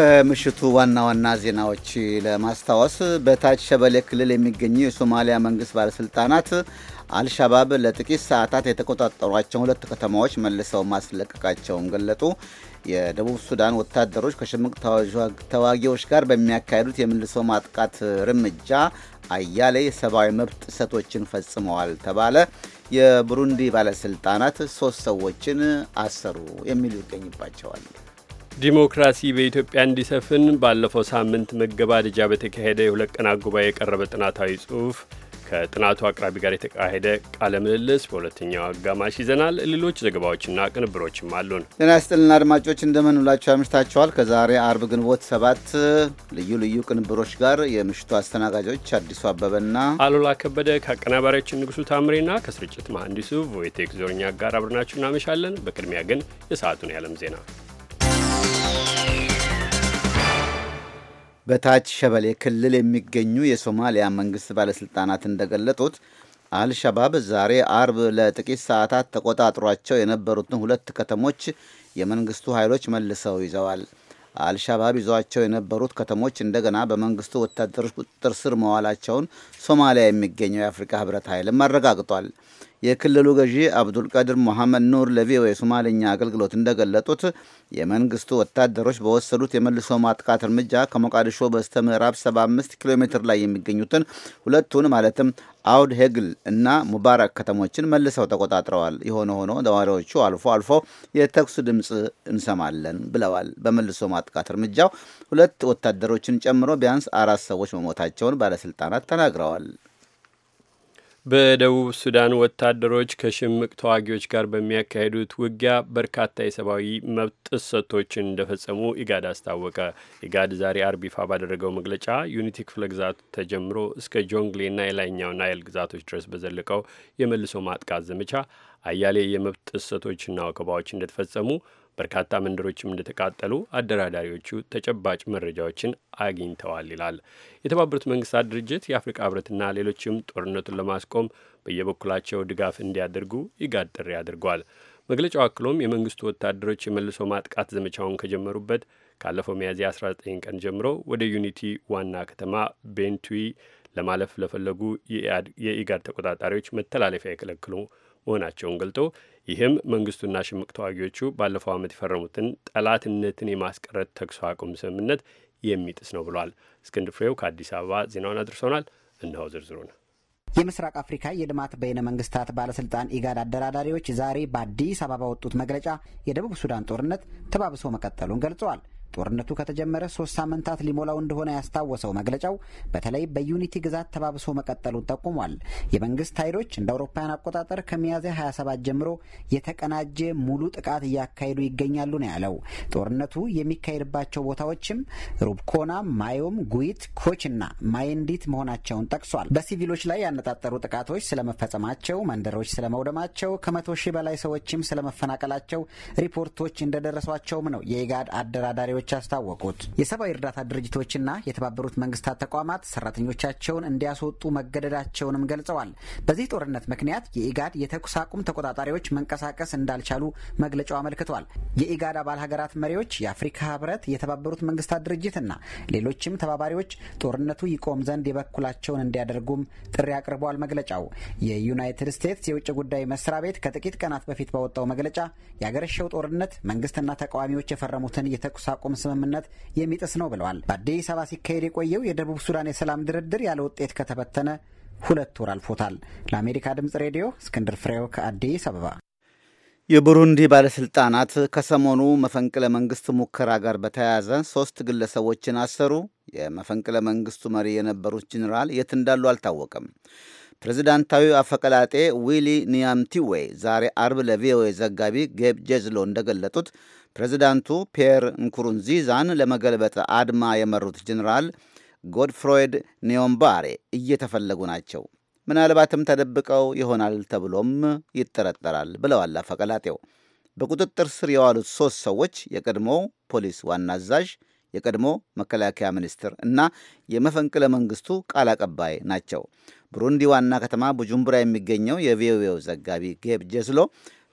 ከምሽቱ ዋና ዋና ዜናዎች ለማስታወስ በታች ሸበሌ ክልል የሚገኙ የሶማሊያ መንግስት ባለስልጣናት አልሻባብ ለጥቂት ሰዓታት የተቆጣጠሯቸውን ሁለት ከተማዎች መልሰው ማስለቀቃቸውን ገለጡ። የደቡብ ሱዳን ወታደሮች ከሽምቅ ተዋጊዎች ጋር በሚያካሂዱት የመልሶ ማጥቃት እርምጃ አያሌ የሰብአዊ መብት ጥሰቶችን ፈጽመዋል ተባለ። የቡሩንዲ ባለስልጣናት ሶስት ሰዎችን አሰሩ። የሚሉ ይገኝባቸዋል። ዲሞክራሲ በኢትዮጵያ እንዲሰፍን ባለፈው ሳምንት መገባደጃ በተካሄደ የሁለት ቀናት ጉባኤ የቀረበ ጥናታዊ ጽሑፍ ከጥናቱ አቅራቢ ጋር የተካሄደ ቃለ ምልልስ በሁለተኛው አጋማሽ ይዘናል። ሌሎች ዘገባዎችና ቅንብሮችም አሉን። ጤና ይስጥልና አድማጮች እንደምን ውላችሁ ከዛሬ አርብ ግንቦት ሰባት ልዩ ልዩ ቅንብሮች ጋር የምሽቱ አስተናጋጆች አዲሱ አበበና አሉላ ከበደ ከአቀናባሪያችን ንጉሱ ታምሬና ከስርጭት መሐንዲሱ ቮይቴክ ዞርኛ ጋር አብረናችሁ እናመሻለን። በቅድሚያ ግን የሰዓቱን የዓለም ዜና በታች ሸበሌ ክልል የሚገኙ የሶማሊያ መንግስት ባለስልጣናት እንደገለጡት አልሸባብ ዛሬ አርብ ለጥቂት ሰዓታት ተቆጣጥሯቸው የነበሩትን ሁለት ከተሞች የመንግስቱ ኃይሎች መልሰው ይዘዋል። አልሻባብ ይዟቸው የነበሩት ከተሞች እንደገና በመንግስቱ ወታደሮች ቁጥጥር ስር መዋላቸውን ሶማሊያ የሚገኘው የአፍሪካ ህብረት ኃይልም አረጋግጧል። የክልሉ ገዢ አብዱልቃድር ሙሐመድ ኑር ለቪኦኤ ሶማሌኛ አገልግሎት እንደገለጡት የመንግስቱ ወታደሮች በወሰዱት የመልሶ ማጥቃት እርምጃ ከሞቃዲሾ በስተ ምዕራብ 75 ኪሎ ሜትር ላይ የሚገኙትን ሁለቱን ማለትም አውድ ሄግል እና ሙባረክ ከተሞችን መልሰው ተቆጣጥረዋል። የሆነ ሆኖ ነዋሪዎቹ አልፎ አልፎ የተኩስ ድምፅ እንሰማለን ብለዋል። በመልሶ ማጥቃት እርምጃው ሁለት ወታደሮችን ጨምሮ ቢያንስ አራት ሰዎች መሞታቸውን ባለስልጣናት ተናግረዋል። በደቡብ ሱዳን ወታደሮች ከሽምቅ ተዋጊዎች ጋር በሚያካሂዱት ውጊያ በርካታ የሰብአዊ መብት ጥሰቶችን እንደፈጸሙ ኢጋድ አስታወቀ። ኢጋድ ዛሬ አርብ ይፋ ባደረገው መግለጫ ዩኒቲ ክፍለ ግዛት ተጀምሮ እስከ ጆንግሌና የላይኛው ናይል ግዛቶች ድረስ በዘለቀው የመልሶ ማጥቃት ዘመቻ አያሌ የመብት ጥሰቶችና ወከባዎች እንደተፈጸሙ በርካታ መንደሮችም እንደተቃጠሉ አደራዳሪዎቹ ተጨባጭ መረጃዎችን አግኝተዋል ይላል። የተባበሩት መንግስታት ድርጅት የአፍሪካ ህብረትና ሌሎችም ጦርነቱን ለማስቆም በየበኩላቸው ድጋፍ እንዲያደርጉ ኢጋድ ጥሪ አድርጓል። መግለጫው አክሎም የመንግስቱ ወታደሮች የመልሶ ማጥቃት ዘመቻውን ከጀመሩበት ካለፈው ሚያዝያ 19 ቀን ጀምሮ ወደ ዩኒቲ ዋና ከተማ ቤንቱዊ ለማለፍ ለፈለጉ የኢጋድ ተቆጣጣሪዎች መተላለፊያ የከለክሉ መሆናቸውን ገልጦ ይህም መንግስቱና ሽምቅ ተዋጊዎቹ ባለፈው ዓመት የፈረሙትን ጠላትነትን የማስቀረት ተኩስ አቁም ስምምነት የሚጥስ ነው ብሏል። እስክንድር ፍሬው ከአዲስ አበባ ዜናውን አድርሶናል። እነሆ ዝርዝሩ ነው። የምስራቅ አፍሪካ የልማት በይነ መንግስታት ባለስልጣን ኢጋድ አደራዳሪዎች ዛሬ በአዲስ አበባ ወጡት መግለጫ የደቡብ ሱዳን ጦርነት ተባብሶ መቀጠሉን ገልጸዋል። ጦርነቱ ከተጀመረ ሶስት ሳምንታት ሊሞላው እንደሆነ ያስታወሰው መግለጫው በተለይ በዩኒቲ ግዛት ተባብሶ መቀጠሉን ጠቁሟል። የመንግስት ኃይሎች እንደ አውሮፓውያን አቆጣጠር ከሚያዝያ 27 ጀምሮ የተቀናጀ ሙሉ ጥቃት እያካሄዱ ይገኛሉ ነው ያለው። ጦርነቱ የሚካሄድባቸው ቦታዎችም ሩብኮና፣ ማዮም፣ ኮች ኮችና ማይንዲት መሆናቸውን ጠቅሷል። በሲቪሎች ላይ ያነጣጠሩ ጥቃቶች ስለመፈጸማቸው፣ መንደሮች ስለመውደማቸው፣ ከመቶ ሺህ በላይ ሰዎችም ስለመፈናቀላቸው ሪፖርቶች እንደደረሷቸውም ነው የኢጋድ አደራዳሪዎች መሪዎች አስታወቁት። የሰብአዊ እርዳታ ድርጅቶችና የተባበሩት መንግስታት ተቋማት ሰራተኞቻቸውን እንዲያስወጡ መገደዳቸውንም ገልጸዋል። በዚህ ጦርነት ምክንያት የኢጋድ የተኩስ አቁም ተቆጣጣሪዎች መንቀሳቀስ እንዳልቻሉ መግለጫው አመልክቷል። የኢጋድ አባል ሀገራት መሪዎች፣ የአፍሪካ ህብረት፣ የተባበሩት መንግስታት ድርጅትና ሌሎችም ተባባሪዎች ጦርነቱ ይቆም ዘንድ የበኩላቸውን እንዲያደርጉም ጥሪ አቅርበዋል። መግለጫው የዩናይትድ ስቴትስ የውጭ ጉዳይ መስሪያ ቤት ከጥቂት ቀናት በፊት ባወጣው መግለጫ ያገረሸው ጦርነት መንግስትና ተቃዋሚዎች የፈረሙትን የተኩስ አቁም የማቆም ስምምነት የሚጥስ ነው ብለዋል። በአዲስ አበባ ሲካሄድ የቆየው የደቡብ ሱዳን የሰላም ድርድር ያለ ውጤት ከተበተነ ሁለት ወር አልፎታል። ለአሜሪካ ድምፅ ሬዲዮ እስክንድር ፍሬው ከአዲስ አበባ። የቡሩንዲ ባለሥልጣናት ከሰሞኑ መፈንቅለ መንግሥት ሙከራ ጋር በተያያዘ ሦስት ግለሰቦችን አሰሩ። የመፈንቅለ መንግሥቱ መሪ የነበሩት ጄኔራል የት እንዳሉ አልታወቀም። ፕሬዚዳንታዊ አፈቀላጤ ዊሊ ኒያምቲዌ ዛሬ አርብ ለቪኦኤ ዘጋቢ ጌብ ጄዝሎ እንደገለጡት ፕሬዚዳንቱ ፒየር ንኩሩንዚዛን ለመገልበጥ አድማ የመሩት ጀኔራል ጎድፍሮይድ ኒዮምባሬ እየተፈለጉ ናቸው። ምናልባትም ተደብቀው ይሆናል ተብሎም ይጠረጠራል ብለዋል አፈቀላጤው። በቁጥጥር ስር የዋሉት ሦስት ሰዎች የቀድሞ ፖሊስ ዋና አዛዥ፣ የቀድሞ መከላከያ ሚኒስትር እና የመፈንቅለ መንግስቱ ቃል አቀባይ ናቸው። ብሩንዲ ዋና ከተማ ቡጁምቡራ የሚገኘው የቪኦኤው ዘጋቢ ጌብ ጀስሎ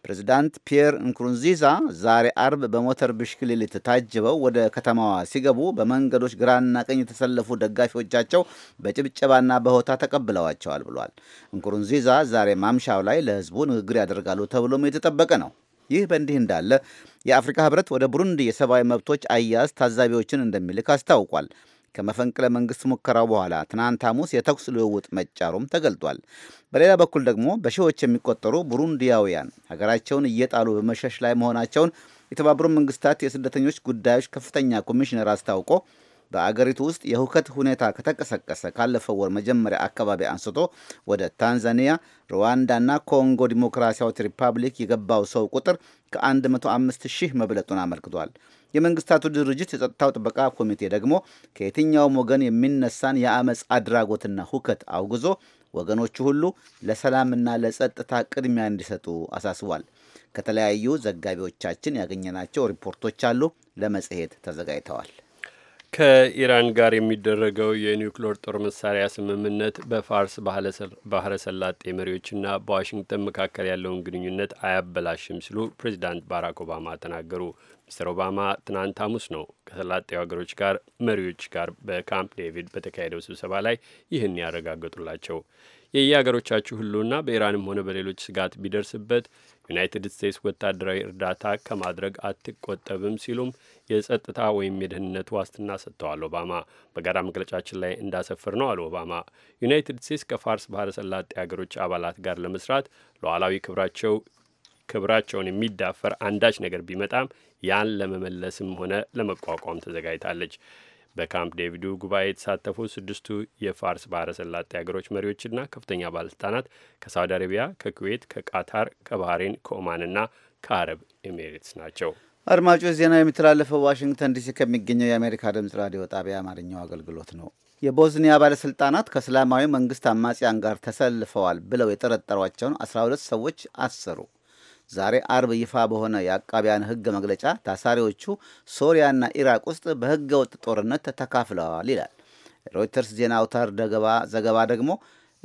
ፕሬዚዳንት ፒየር እንኩሩንዚዛ ዛሬ አርብ በሞተር ብሽክሌት ታጅበው ወደ ከተማዋ ሲገቡ በመንገዶች ግራና ቀኝ የተሰለፉ ደጋፊዎቻቸው በጭብጨባና በሆታ ተቀብለዋቸዋል ብሏል። እንኩሩንዚዛ ዛሬ ማምሻው ላይ ለሕዝቡ ንግግር ያደርጋሉ ተብሎም የተጠበቀ ነው። ይህ በእንዲህ እንዳለ የአፍሪካ ሕብረት ወደ ቡሩንዲ የሰብአዊ መብቶች አያያዝ ታዛቢዎችን እንደሚልክ አስታውቋል። ከመፈንቅለ መንግስት ሙከራው በኋላ ትናንት ሐሙስ የተኩስ ልውውጥ መጫሩም ተገልጧል። በሌላ በኩል ደግሞ በሺዎች የሚቆጠሩ ቡሩንዲያውያን ሀገራቸውን እየጣሉ በመሸሽ ላይ መሆናቸውን የተባበሩት መንግስታት የስደተኞች ጉዳዮች ከፍተኛ ኮሚሽነር አስታውቆ በአገሪቱ ውስጥ የሁከት ሁኔታ ከተቀሰቀሰ ካለፈው ወር መጀመሪያ አካባቢ አንስቶ ወደ ታንዛኒያ፣ ሩዋንዳና ኮንጎ ዲሞክራሲያዊት ሪፐብሊክ የገባው ሰው ቁጥር ከ105 ሺህ መብለጡን አመልክቷል። የመንግስታቱ ድርጅት የጸጥታው ጥበቃ ኮሚቴ ደግሞ ከየትኛውም ወገን የሚነሳን የአመፅ አድራጎትና ሁከት አውግዞ ወገኖቹ ሁሉ ለሰላምና ለጸጥታ ቅድሚያ እንዲሰጡ አሳስቧል። ከተለያዩ ዘጋቢዎቻችን ያገኘናቸው ሪፖርቶች አሉ፣ ለመጽሔት ተዘጋጅተዋል። ከኢራን ጋር የሚደረገው የኒውክሌር ጦር መሳሪያ ስምምነት በፋርስ ባህረ ሰላጤ መሪዎችና በዋሽንግተን መካከል ያለውን ግንኙነት አያበላሽም ሲሉ ፕሬዚዳንት ባራክ ኦባማ ተናገሩ። ሚስተር ኦባማ ትናንት ሐሙስ ነው ከሰላጤው ሀገሮች ጋር መሪዎች ጋር በካምፕ ዴቪድ በተካሄደው ስብሰባ ላይ ይህን ያረጋገጡላቸው። የየሀገሮቻችሁ ሁሉና በኢራንም ሆነ በሌሎች ስጋት ቢደርስበት ዩናይትድ ስቴትስ ወታደራዊ እርዳታ ከማድረግ አትቆጠብም ሲሉም የጸጥታ ወይም የደህንነት ዋስትና ሰጥተዋል ኦባማ። በጋራ መግለጫችን ላይ እንዳሰፍር ነው አሉ ኦባማ። ዩናይትድ ስቴትስ ከፋርስ ባህረ ሰላጤ ሀገሮች አባላት ጋር ለመስራት ሉዓላዊ ክብራቸው ክብራቸውን የሚዳፈር አንዳች ነገር ቢመጣም ያን ለመመለስም ሆነ ለመቋቋም ተዘጋጅታለች። በካምፕ ዴቪዱ ጉባኤ የተሳተፉ ስድስቱ የፋርስ ባህረ ሰላጤ ሀገሮች መሪዎችና ከፍተኛ ባለስልጣናት ከሳውዲ አረቢያ፣ ከኩዌት፣ ከቃታር፣ ከባህሬን፣ ከኦማንና ከአረብ ኤሜሬትስ ናቸው። አድማጮች ዜናው የሚተላለፈው ዋሽንግተን ዲሲ ከሚገኘው የአሜሪካ ድምፅ ራዲዮ ጣቢያ አማርኛው አገልግሎት ነው። የቦዝኒያ ባለስልጣናት ከእስላማዊ መንግስት አማጽያን ጋር ተሰልፈዋል ብለው የጠረጠሯቸውን 12 ሰዎች አሰሩ። ዛሬ አርብ ይፋ በሆነ የአቃቢያን ሕግ መግለጫ ታሳሪዎቹ ሶሪያና ኢራቅ ውስጥ በህገ ወጥ ጦርነት ተካፍለዋል ይላል። ሮይተርስ ዜና አውታር ዘገባ ደግሞ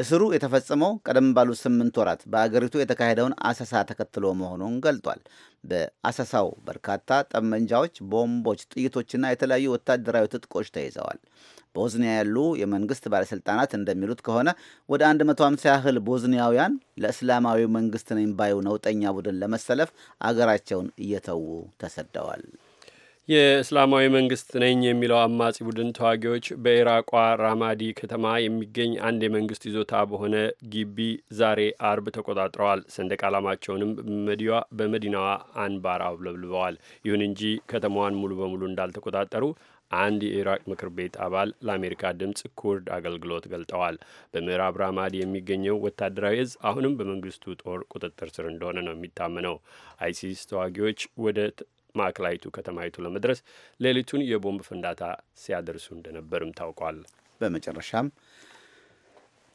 እስሩ የተፈጸመው ቀደም ባሉ ስምንት ወራት በአገሪቱ የተካሄደውን አሰሳ ተከትሎ መሆኑን ገልጧል። በአሰሳው በርካታ ጠመንጃዎች፣ ቦምቦች፣ ጥይቶችና የተለያዩ ወታደራዊ ትጥቆች ተይዘዋል። ቦዝኒያ ያሉ የመንግስት ባለስልጣናት እንደሚሉት ከሆነ ወደ 150 ያህል ቦዝኒያውያን ለእስላማዊ መንግስት ነኝ ባዩ ነውጠኛ ቡድን ለመሰለፍ አገራቸውን እየተዉ ተሰደዋል። የእስላማዊ መንግስት ነኝ የሚለው አማጺ ቡድን ተዋጊዎች በኢራቋ ራማዲ ከተማ የሚገኝ አንድ የመንግስት ይዞታ በሆነ ግቢ ዛሬ አርብ ተቆጣጥረዋል። ሰንደቅ ዓላማቸውንም በመዲናዋ አንባር አውለብልበዋል። ይሁን እንጂ ከተማዋን ሙሉ በሙሉ እንዳልተቆጣጠሩ አንድ የኢራቅ ምክር ቤት አባል ለአሜሪካ ድምፅ ኩርድ አገልግሎት ገልጠዋል። በምዕራብ ራማዲ የሚገኘው ወታደራዊ እዝ አሁንም በመንግስቱ ጦር ቁጥጥር ስር እንደሆነ ነው የሚታመነው። አይሲስ ተዋጊዎች ወደ ማዕከላዊቱ ከተማይቱ ለመድረስ ሌሊቱን የቦምብ ፍንዳታ ሲያደርሱ እንደነበርም ታውቋል። በመጨረሻም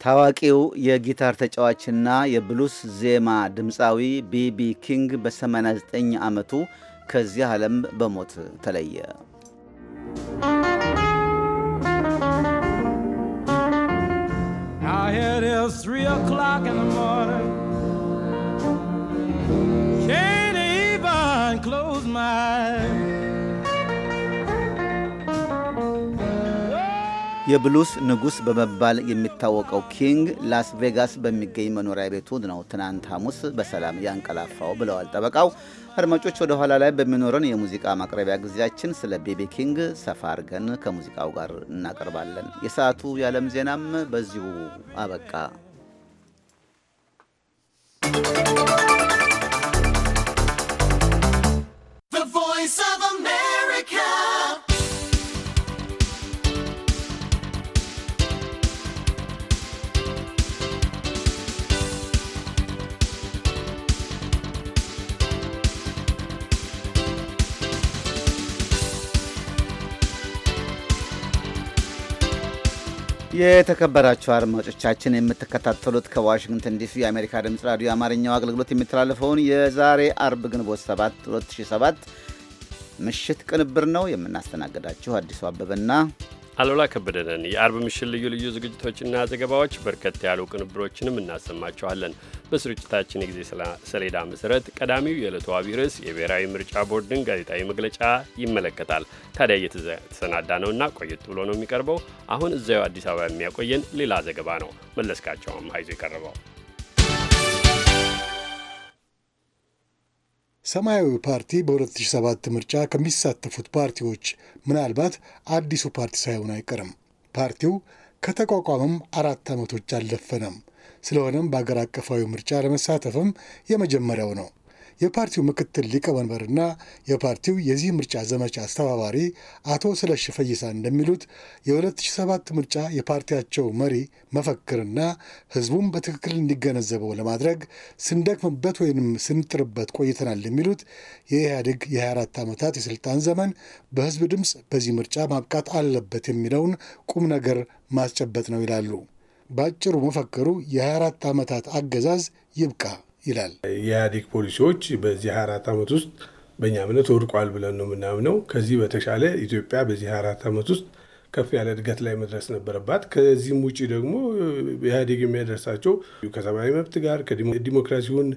ታዋቂው የጊታር ተጫዋችና የብሉስ ዜማ ድምፃዊ ቢቢ ኪንግ በ89 ዓመቱ ከዚህ ዓለም በሞት ተለየ። Now it is three o'clock in the morning. የብሉስ ንጉሥ በመባል የሚታወቀው ኪንግ ላስ ቬጋስ በሚገኝ መኖሪያ ቤቱ ነው ትናንት ሐሙስ በሰላም ያንቀላፋው ብለዋል ጠበቃው። አድማጮች ወደ ኋላ ላይ በሚኖረን የሙዚቃ ማቅረቢያ ጊዜያችን ስለ ቤቢ ኪንግ ሰፋ አድርገን ከሙዚቃው ጋር እናቀርባለን። የሰዓቱ የዓለም ዜናም በዚሁ አበቃ። የተከበራችሁ አድማጮቻችን የምትከታተሉት ከዋሽንግተን ዲሲ የአሜሪካ ድምፅ ራዲዮ የአማርኛው አገልግሎት የሚተላለፈውን የዛሬ አርብ ግንቦት 7 2007 ምሽት ቅንብር ነው። የምናስተናግዳችሁ አዲሱ አበበና አሉላ ከበደንን የአርብ ምሽት ልዩ ልዩ ዝግጅቶችና ዘገባዎች በርከት ያሉ ቅንብሮችንም እናሰማችኋለን። በስርጭታችን የጊዜ ሰሌዳ መሰረት ቀዳሚው የዕለቱ አብይ ርዕስ የብሔራዊ ምርጫ ቦርድን ጋዜጣዊ መግለጫ ይመለከታል። ታዲያ እየተሰናዳ ነውና ቆየት ብሎ ነው የሚቀርበው። አሁን እዚያው አዲስ አበባ የሚያቆየን ሌላ ዘገባ ነው። መለስካቸውም አይዞ የቀረበው ሰማያዊ ፓርቲ በ2007 ምርጫ ከሚሳተፉት ፓርቲዎች ምናልባት አዲሱ ፓርቲ ሳይሆን አይቀርም። ፓርቲው ከተቋቋመም አራት ዓመቶች አልደፈነም። ስለሆነም በአገር አቀፋዊ ምርጫ ለመሳተፍም የመጀመሪያው ነው። የፓርቲው ምክትል ሊቀመንበርና የፓርቲው የዚህ ምርጫ ዘመቻ አስተባባሪ አቶ ስለሽ ፈይሳ እንደሚሉት የ2007 ምርጫ የፓርቲያቸው መሪ መፈክርና ህዝቡም በትክክል እንዲገነዘበው ለማድረግ ስንደክምበት ወይንም ስንጥርበት ቆይተናል የሚሉት የኢህአዴግ የ24 ዓመታት የስልጣን ዘመን በህዝብ ድምፅ በዚህ ምርጫ ማብቃት አለበት የሚለውን ቁም ነገር ማስጨበጥ ነው ይላሉ። በአጭሩ መፈክሩ የ24 ዓመታት አገዛዝ ይብቃ። ይላል። የኢህአዴግ ፖሊሲዎች በዚህ አራት ዓመት ውስጥ በእኛ እምነት ወድቋል ብለን ነው የምናምነው። ከዚህ በተሻለ ኢትዮጵያ በዚህ አራት ዓመት ውስጥ ከፍ ያለ እድገት ላይ መድረስ ነበረባት። ከዚህም ውጭ ደግሞ ኢህአዴግ የሚያደርሳቸው ከሰብአዊ መብት ጋር ዲሞክራሲውን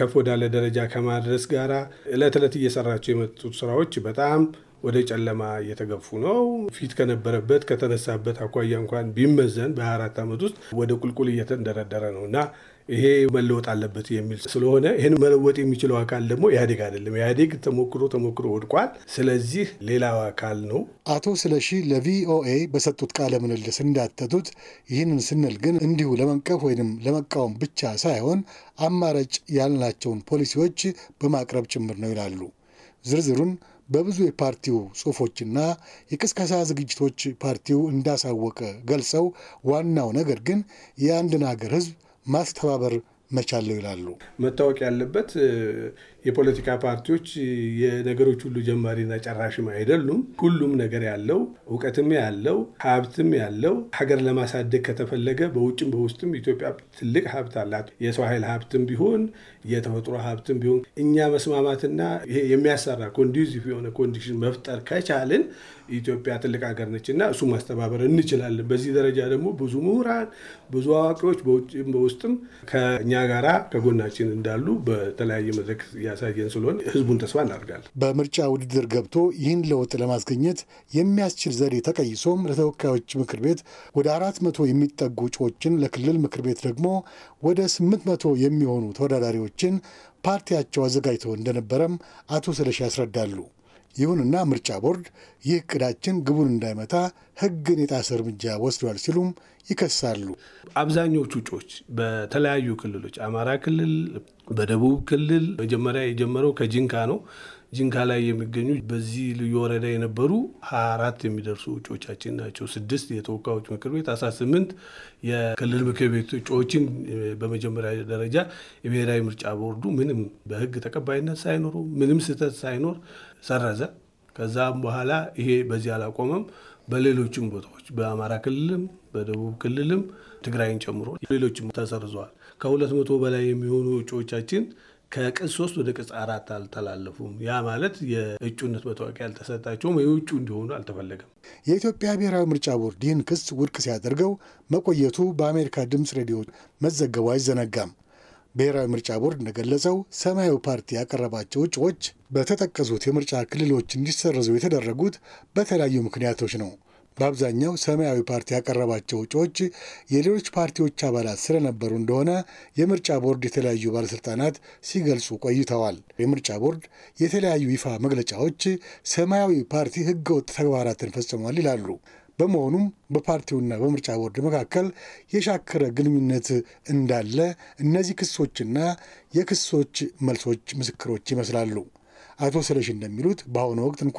ከፍ ወዳለ ደረጃ ከማድረስ ጋር እለት ዕለት እየሰራቸው የመጡት ስራዎች በጣም ወደ ጨለማ እየተገፉ ነው። ፊት ከነበረበት ከተነሳበት አኳያ እንኳን ቢመዘን በአራት ዓመት ውስጥ ወደ ቁልቁል እየተንደረደረ ነው እና ይሄ መለወጥ አለበት የሚል ስለሆነ ይህን መለወጥ የሚችለው አካል ደግሞ ኢህአዴግ አይደለም። ኢህአዴግ ተሞክሮ ተሞክሮ ወድቋል። ስለዚህ ሌላው አካል ነው። አቶ ስለሺ ለቪኦኤ በሰጡት ቃለ ምልልስ እንዳተቱት ይህንን ስንል ግን እንዲሁ ለመንቀፍ ወይንም ለመቃወም ብቻ ሳይሆን አማራጭ ያልናቸውን ፖሊሲዎች በማቅረብ ጭምር ነው ይላሉ። ዝርዝሩን በብዙ የፓርቲው ጽሁፎችና የቅስቀሳ ዝግጅቶች ፓርቲው እንዳሳወቀ ገልጸው ዋናው ነገር ግን የአንድን ሀገር ህዝብ። ማስተባበር መቻለው ይላሉ። መታወቅ ያለበት የፖለቲካ ፓርቲዎች የነገሮች ሁሉ ጀማሪና ጨራሽም አይደሉም። ሁሉም ነገር ያለው እውቀትም ያለው ሀብትም ያለው ሀገር ለማሳደግ ከተፈለገ በውጭም በውስጥም ኢትዮጵያ ትልቅ ሀብት አላት። የሰው ኃይል ሀብትም ቢሆን የተፈጥሮ ሀብትም ቢሆን እኛ መስማማትና ይሄ የሚያሰራ ኮንዲዚቭ የሆነ ኮንዲሽን መፍጠር ከቻልን ኢትዮጵያ ትልቅ ሀገር ነች እና እሱ ማስተባበር እንችላለን። በዚህ ደረጃ ደግሞ ብዙ ምሁራን፣ ብዙ አዋቂዎች በውጭም በውስጥም ከእኛ ጋራ ከጎናችን እንዳሉ በተለያየ መድረክ የሚያሳየን ስለሆን ህዝቡን ተስፋ እናደርጋለን። በምርጫ ውድድር ገብቶ ይህን ለውጥ ለማስገኘት የሚያስችል ዘዴ ተቀይሶም ለተወካዮች ምክር ቤት ወደ አራት መቶ የሚጠጉ እጩዎችን ለክልል ምክር ቤት ደግሞ ወደ ስምንት መቶ የሚሆኑ ተወዳዳሪዎችን ፓርቲያቸው አዘጋጅተው እንደነበረም አቶ ስለሺ ያስረዳሉ። ይሁንና ምርጫ ቦርድ ይህ እቅዳችን ግቡን እንዳይመታ ህግን የጣሰ እርምጃ ወስዷል ሲሉም ይከሳሉ። አብዛኞቹ እጩዎች በተለያዩ ክልሎች አማራ ክልል፣ በደቡብ ክልል መጀመሪያ የጀመረው ከጂንካ ነው። ጅንጋ ላይ የሚገኙ በዚህ ልዩ ወረዳ የነበሩ 24 የሚደርሱ እጩዎቻችን ናቸው። ስድስት የተወካዮች ምክር ቤት፣ 18 የክልል ምክር ቤት እጩዎችን በመጀመሪያ ደረጃ የብሔራዊ ምርጫ ቦርዱ ምንም በህግ ተቀባይነት ሳይኖሩ ምንም ስህተት ሳይኖር ሰረዘ። ከዛም በኋላ ይሄ በዚህ አላቆመም። በሌሎችም ቦታዎች በአማራ ክልልም በደቡብ ክልልም ትግራይን ጨምሮ ሌሎችም ተሰርዘዋል። ከሁለት መቶ በላይ የሚሆኑ እጩዎቻችን ከቅጽ ሶስት ወደ ቅጽ አራት አልተላለፉም። ያ ማለት የእጩነት መታወቂያ ያልተሰጣቸውም ወይ እጩ እንዲሆኑ አልተፈለገም። የኢትዮጵያ ብሔራዊ ምርጫ ቦርድ ይህን ክስ ውድቅ ሲያደርገው መቆየቱ በአሜሪካ ድምፅ ሬዲዮ መዘገቡ አይዘነጋም። ብሔራዊ ምርጫ ቦርድ እንደገለጸው ሰማያዊ ፓርቲ ያቀረባቸው እጩዎች በተጠቀሱት የምርጫ ክልሎች እንዲሰረዙ የተደረጉት በተለያዩ ምክንያቶች ነው። በአብዛኛው ሰማያዊ ፓርቲ ያቀረባቸው እጩዎች የሌሎች ፓርቲዎች አባላት ስለነበሩ እንደሆነ የምርጫ ቦርድ የተለያዩ ባለስልጣናት ሲገልጹ ቆይተዋል። የምርጫ ቦርድ የተለያዩ ይፋ መግለጫዎች ሰማያዊ ፓርቲ ህገወጥ ተግባራትን ፈጽሟል ይላሉ። በመሆኑም በፓርቲውና በምርጫ ቦርድ መካከል የሻከረ ግንኙነት እንዳለ እነዚህ ክሶችና የክሶች መልሶች ምስክሮች ይመስላሉ። አቶ ስለሽ እንደሚሉት በአሁኑ ወቅት እንኳ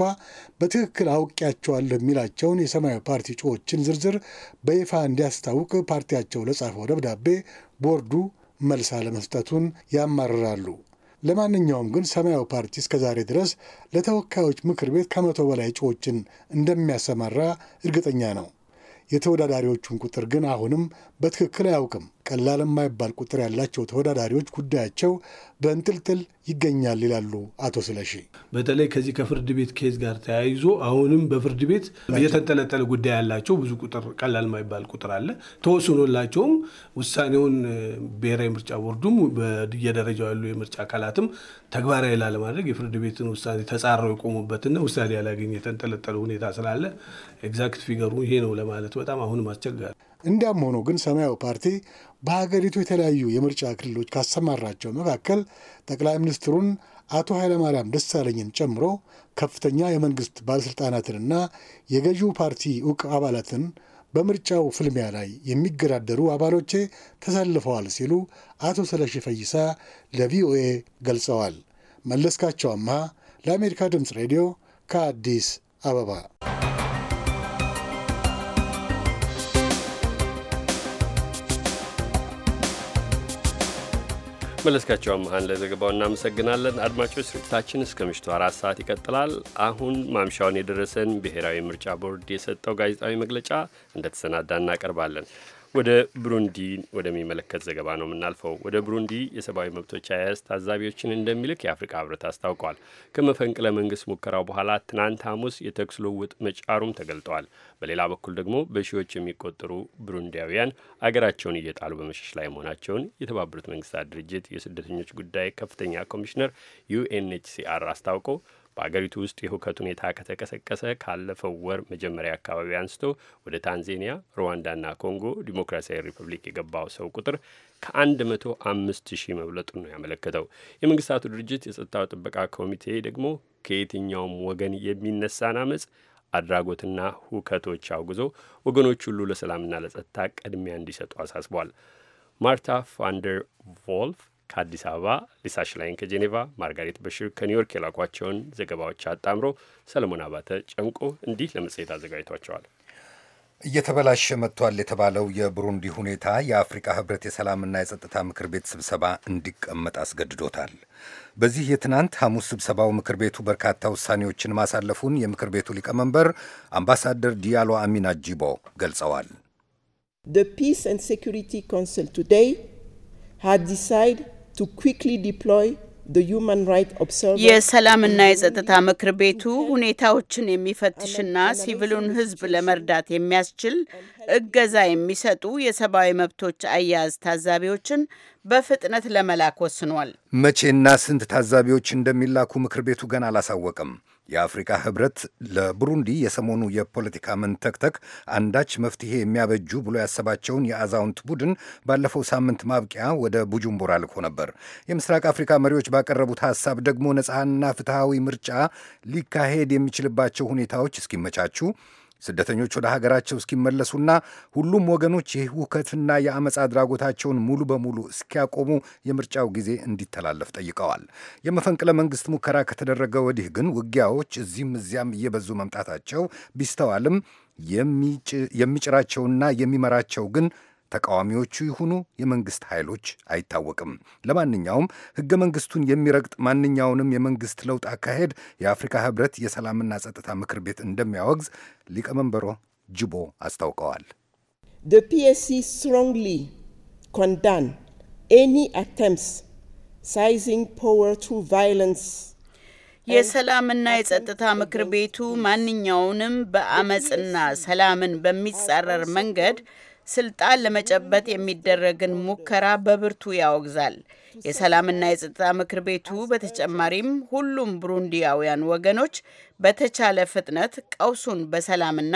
በትክክል አውቂያቸዋል የሚላቸውን የሰማያዊ ፓርቲ እጩዎችን ዝርዝር በይፋ እንዲያስታውቅ ፓርቲያቸው ለጻፈው ደብዳቤ ቦርዱ መልስ አለመስጠቱን ያማርራሉ። ለማንኛውም ግን ሰማያዊ ፓርቲ እስከዛሬ ድረስ ለተወካዮች ምክር ቤት ከመቶ በላይ እጩዎችን እንደሚያሰማራ እርግጠኛ ነው። የተወዳዳሪዎቹን ቁጥር ግን አሁንም በትክክል አያውቅም። ቀላል የማይባል ቁጥር ያላቸው ተወዳዳሪዎች ጉዳያቸው በእንጥልጥል ይገኛል ይላሉ አቶ ስለሺ። በተለይ ከዚህ ከፍርድ ቤት ኬዝ ጋር ተያይዞ አሁንም በፍርድ ቤት የተንጠለጠለ ጉዳይ ያላቸው ብዙ ቁጥር ቀላል የማይባል ቁጥር አለ። ተወስኖላቸውም ውሳኔውን ብሔራዊ ምርጫ ቦርዱም በየደረጃው ያሉ የምርጫ አካላትም ተግባራዊ ላለማድረግ የፍርድ ቤትን ውሳኔ ተጻረው የቆሙበትና ውሳኔ ያላገኝ የተንጠለጠለ ሁኔታ ስላለ ኤግዛክት ፊገሩ ይሄ ነው ለማለት በጣም አሁንም አስቸጋሪ። እንዲያም ሆኖ ግን ሰማያዊ ፓርቲ በሀገሪቱ የተለያዩ የምርጫ ክልሎች ካሰማራቸው መካከል ጠቅላይ ሚኒስትሩን አቶ ኃይለማርያም ደሳለኝን ጨምሮ ከፍተኛ የመንግስት ባለሥልጣናትንና የገዢው ፓርቲ እውቅ አባላትን በምርጫው ፍልሚያ ላይ የሚገዳደሩ አባሎቼ ተሰልፈዋል ሲሉ አቶ ስለሺ ፈይሳ ለቪኦኤ ገልጸዋል። መለስካቸው አምሃ ለአሜሪካ ድምፅ ሬዲዮ ከአዲስ አበባ መለስካቸው አመሀን ለዘገባው እናመሰግናለን። አድማጮች ስርጭታችን እስከ ምሽቱ አራት ሰዓት ይቀጥላል። አሁን ማምሻውን የደረሰን ብሔራዊ ምርጫ ቦርድ የሰጠው ጋዜጣዊ መግለጫ እንደተሰናዳ እናቀርባለን። ወደ ብሩንዲ ወደሚመለከት ዘገባ ነው የምናልፈው። ወደ ብሩንዲ የሰብአዊ መብቶች አያያዝ ታዛቢዎችን እንደሚልክ የአፍሪካ ህብረት አስታውቋል። ከመፈንቅለ መንግስት ሙከራው በኋላ ትናንት ሐሙስ የተኩስ ልውውጥ መጫሩም ተገልጠዋል። በሌላ በኩል ደግሞ በሺዎች የሚቆጠሩ ብሩንዲያውያን አገራቸውን እየጣሉ በመሸሽ ላይ መሆናቸውን የተባበሩት መንግስታት ድርጅት የስደተኞች ጉዳይ ከፍተኛ ኮሚሽነር ዩኤንኤችሲአር አስታውቀው በአገሪቱ ውስጥ የሁከት ሁኔታ ከተቀሰቀሰ ካለፈው ወር መጀመሪያ አካባቢ አንስቶ ወደ ታንዜኒያ፣ ሩዋንዳና ኮንጎ ዲሞክራሲያዊ ሪፐብሊክ የገባው ሰው ቁጥር ከአንድ መቶ አምስት ሺህ መብለጡን ነው ያመለከተው። የመንግስታቱ ድርጅት የጸጥታው ጥበቃ ኮሚቴ ደግሞ ከየትኛውም ወገን የሚነሳን አመፅ አድራጎትና ሁከቶች አውግዞ ወገኖች ሁሉ ለሰላምና ለጸጥታ ቅድሚያ እንዲሰጡ አሳስቧል። ማርታ ፋንደር ቮልፍ ከአዲስ አበባ ሊሳ ሽላይን ከጄኔቫ ማርጋሬት በሽር ከኒውዮርክ የላኳቸውን ዘገባዎች አጣምሮ ሰለሞን አባተ ጨምቆ እንዲህ ለመጽሔት አዘጋጅቷቸዋል። እየተበላሸ መጥቷል የተባለው የቡሩንዲ ሁኔታ የአፍሪካ ህብረት የሰላምና የጸጥታ ምክር ቤት ስብሰባ እንዲቀመጥ አስገድዶታል። በዚህ የትናንት ሐሙስ ስብሰባው ምክር ቤቱ በርካታ ውሳኔዎችን ማሳለፉን የምክር ቤቱ ሊቀመንበር አምባሳደር ዲያሎ አሚና ጂቦ ገልጸዋል። ፒስ Peace and Security Council ዲሳይድ to quickly deploy የሰላምና የጸጥታ ምክር ቤቱ ሁኔታዎችን የሚፈትሽና ሲቪሉን ሕዝብ ለመርዳት የሚያስችል እገዛ የሚሰጡ የሰብአዊ መብቶች አያያዝ ታዛቢዎችን በፍጥነት ለመላክ ወስኗል። መቼና ስንት ታዛቢዎች እንደሚላኩ ምክር ቤቱ ገና አላሳወቅም። የአፍሪካ ህብረት ለቡሩንዲ የሰሞኑ የፖለቲካ መንተክተክ አንዳች መፍትሄ የሚያበጁ ብሎ ያሰባቸውን የአዛውንት ቡድን ባለፈው ሳምንት ማብቂያ ወደ ቡጁምቡራ ልኮ ነበር። የምስራቅ አፍሪካ መሪዎች ባቀረቡት ሀሳብ ደግሞ ነፃና ፍትሐዊ ምርጫ ሊካሄድ የሚችልባቸው ሁኔታዎች እስኪመቻችው ስደተኞች ወደ ሀገራቸው እስኪመለሱና ሁሉም ወገኖች የህውከትና የአመፃ አድራጎታቸውን ሙሉ በሙሉ እስኪያቆሙ የምርጫው ጊዜ እንዲተላለፍ ጠይቀዋል። የመፈንቅለ መንግስት ሙከራ ከተደረገ ወዲህ ግን ውጊያዎች እዚህም እዚያም እየበዙ መምጣታቸው ቢስተዋልም የሚጭራቸውና የሚመራቸው ግን ተቃዋሚዎቹ ይሁኑ የመንግስት ኃይሎች አይታወቅም። ለማንኛውም ህገ መንግስቱን የሚረግጥ ማንኛውንም የመንግስት ለውጥ አካሄድ የአፍሪካ ህብረት የሰላምና ጸጥታ ምክር ቤት እንደሚያወግዝ ሊቀመንበሮ ጅቦ አስታውቀዋል። The PSC strongly condemn any attempts sizing የሰላምና የጸጥታ ምክር ቤቱ ማንኛውንም በአመፅና ሰላምን በሚጻረር መንገድ ስልጣን ለመጨበጥ የሚደረግን ሙከራ በብርቱ ያወግዛል። የሰላምና የጸጥታ ምክር ቤቱ በተጨማሪም ሁሉም ብሩንዲያውያን ወገኖች በተቻለ ፍጥነት ቀውሱን በሰላምና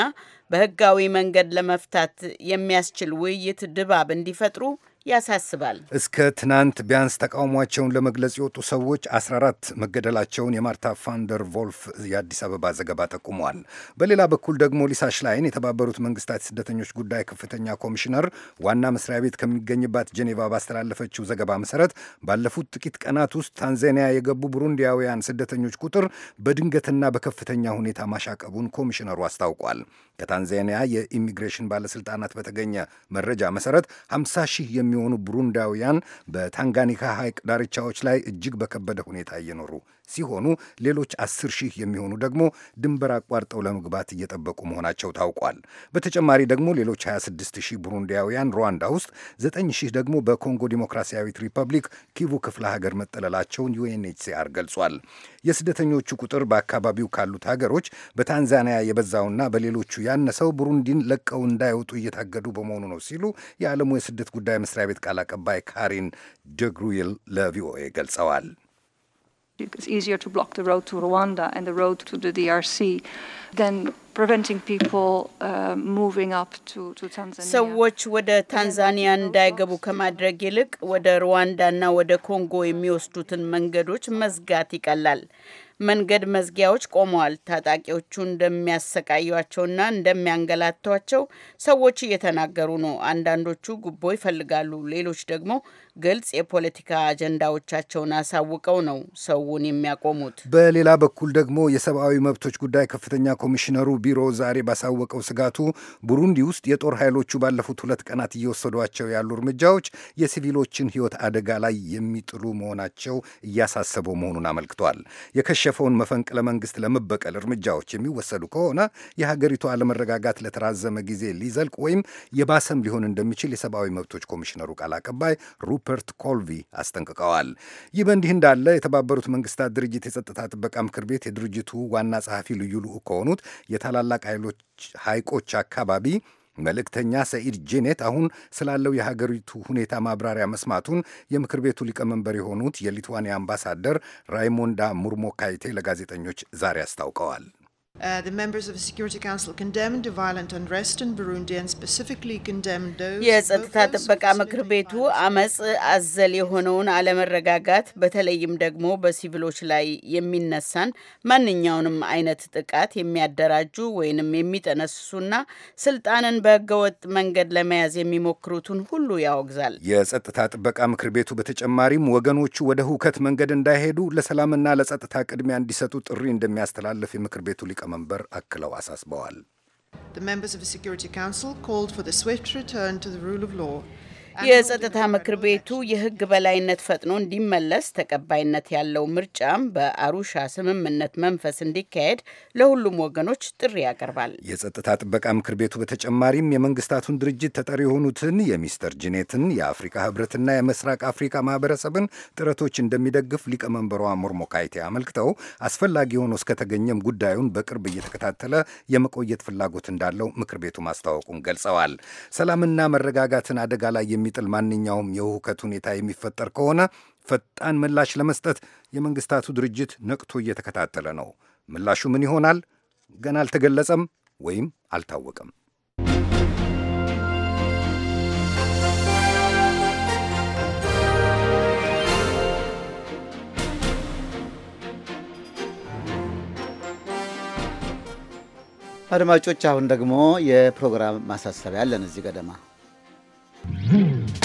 በሕጋዊ መንገድ ለመፍታት የሚያስችል ውይይት ድባብ እንዲፈጥሩ ያሳስባል። እስከ ትናንት ቢያንስ ተቃውሟቸውን ለመግለጽ የወጡ ሰዎች 14 መገደላቸውን የማርታ ፋንደር ቮልፍ የአዲስ አበባ ዘገባ ጠቁመዋል። በሌላ በኩል ደግሞ ሊሳ ሽላይን የተባበሩት መንግስታት የስደተኞች ጉዳይ ከፍተኛ ኮሚሽነር ዋና መስሪያ ቤት ከሚገኝባት ጄኔቫ ባስተላለፈችው ዘገባ መሰረት ባለፉት ጥቂት ቀናት ውስጥ ታንዛኒያ የገቡ ቡሩንዲያውያን ስደተኞች ቁጥር በድንገትና በከፍተኛ ሁኔታ ማሻቀቡን ኮሚሽነሩ አስታውቋል። ከታንዛኒያ የኢሚግሬሽን ባለስልጣናት በተገኘ መረጃ መሰረት 50 ሺህ የሚ የሚሆኑ ቡሩንዳውያን በታንጋኒካ ሐይቅ ዳርቻዎች ላይ እጅግ በከበደ ሁኔታ እየኖሩ ሲሆኑ ሌሎች አስር ሺህ የሚሆኑ ደግሞ ድንበር አቋርጠው ለመግባት እየጠበቁ መሆናቸው ታውቋል። በተጨማሪ ደግሞ ሌሎች 26 ሺህ ቡሩንዲያውያን ሩዋንዳ ውስጥ፣ 9 ሺህ ደግሞ በኮንጎ ዲሞክራሲያዊት ሪፐብሊክ ኪቡ ክፍለ ሀገር መጠለላቸውን ዩኤንኤችሲአር ገልጿል። የስደተኞቹ ቁጥር በአካባቢው ካሉት ሀገሮች በታንዛኒያ የበዛውና በሌሎቹ ያነሰው ቡሩንዲን ለቀው እንዳይወጡ እየታገዱ በመሆኑ ነው ሲሉ የዓለሙ የስደት ጉዳይ መስሪያ ቤት ቃል አቀባይ ካሪን ደግሩይል ለቪኦኤ ገልጸዋል። It's easier to block the road to Rwanda and the road to the DRC than preventing people uh, moving up to, to Tanzania. ሰዎች ወደ ታንዛኒያ እንዳይገቡ ከማድረግ ይልቅ ወደ ሩዋንዳና ወደ ኮንጎ የሚወስዱትን መንገዶች መዝጋት ይቀላል። መንገድ መዝጊያዎች ቆመዋል። ታጣቂዎቹ እንደሚያሰቃዩቸውና እንደሚያንገላቷቸው ሰዎች እየተናገሩ ነው። አንዳንዶቹ ጉቦ ይፈልጋሉ፣ ሌሎች ደግሞ ግልጽ የፖለቲካ አጀንዳዎቻቸውን አሳውቀው ነው ሰውን የሚያቆሙት። በሌላ በኩል ደግሞ የሰብአዊ መብቶች ጉዳይ ከፍተኛ ኮሚሽነሩ ቢሮ ዛሬ ባሳወቀው ስጋቱ ቡሩንዲ ውስጥ የጦር ኃይሎቹ ባለፉት ሁለት ቀናት እየወሰዷቸው ያሉ እርምጃዎች የሲቪሎችን ሕይወት አደጋ ላይ የሚጥሉ መሆናቸው እያሳሰበው መሆኑን አመልክቷል። የከሸፈውን መፈንቅለ መንግስት ለመበቀል እርምጃዎች የሚወሰዱ ከሆነ የሀገሪቱ አለመረጋጋት ለተራዘመ ጊዜ ሊዘልቅ ወይም የባሰም ሊሆን እንደሚችል የሰብአዊ መብቶች ኮሚሽነሩ ቃል አቀባይ ሩ ሩፐርት ኮልቪ አስጠንቅቀዋል። ይህ በእንዲህ እንዳለ የተባበሩት መንግስታት ድርጅት የጸጥታ ጥበቃ ምክር ቤት የድርጅቱ ዋና ጸሐፊ ልዩ ልዑክ ከሆኑት የታላላቅ ሐይቆች አካባቢ መልእክተኛ ሰኢድ ጄኔት አሁን ስላለው የሀገሪቱ ሁኔታ ማብራሪያ መስማቱን የምክር ቤቱ ሊቀመንበር የሆኑት የሊትዋኒያ አምባሳደር ራይሞንዳ ሙርሞካይቴ ለጋዜጠኞች ዛሬ አስታውቀዋል። የጸጥታ ጥበቃ ምክር ቤቱ አመጽ አዘል የሆነውን አለመረጋጋት በተለይም ደግሞ በሲቪሎች ላይ የሚነሳን ማንኛውንም አይነት ጥቃት የሚያደራጁ ወይንም የሚጠነስሱና ስልጣንን በህገወጥ መንገድ ለመያዝ የሚሞክሩትን ሁሉ ያወግዛል። የጸጥታ ጥበቃ ምክር ቤቱ በተጨማሪም ወገኖቹ ወደ ሁከት መንገድ እንዳይሄዱ ለሰላምና ለጸጥታ ቅድሚያ እንዲሰጡ ጥሪ እንደሚያስተላልፍ የምክር ቤቱ ሊቀ ሊቀመንበር አክለው አሳስበዋል። The members of the Security Council called for the swift return to the rule of law የጸጥታ ምክር ቤቱ የህግ በላይነት ፈጥኖ እንዲመለስ ተቀባይነት ያለው ምርጫም በአሩሻ ስምምነት መንፈስ እንዲካሄድ ለሁሉም ወገኖች ጥሪ ያቀርባል። የጸጥታ ጥበቃ ምክር ቤቱ በተጨማሪም የመንግስታቱን ድርጅት ተጠሪ የሆኑትን የሚስተር ጅኔትን የአፍሪካ ህብረትና የምስራቅ አፍሪካ ማህበረሰብን ጥረቶች እንደሚደግፍ ሊቀመንበሯ ሞርሞካይቴ አመልክተው አስፈላጊ ሆኖ እስከተገኘም ጉዳዩን በቅርብ እየተከታተለ የመቆየት ፍላጎት እንዳለው ምክር ቤቱ ማስታወቁን ገልጸዋል። ሰላምና መረጋጋትን አደጋ ላይ የሚጥል ማንኛውም የሁከት ሁኔታ የሚፈጠር ከሆነ ፈጣን ምላሽ ለመስጠት የመንግስታቱ ድርጅት ነቅቶ እየተከታተለ ነው። ምላሹ ምን ይሆናል ገና አልተገለጸም ወይም አልታወቀም። አድማጮች አሁን ደግሞ የፕሮግራም ማሳሰቢያ አለን። እዚህ ገደማ Mm-hmm.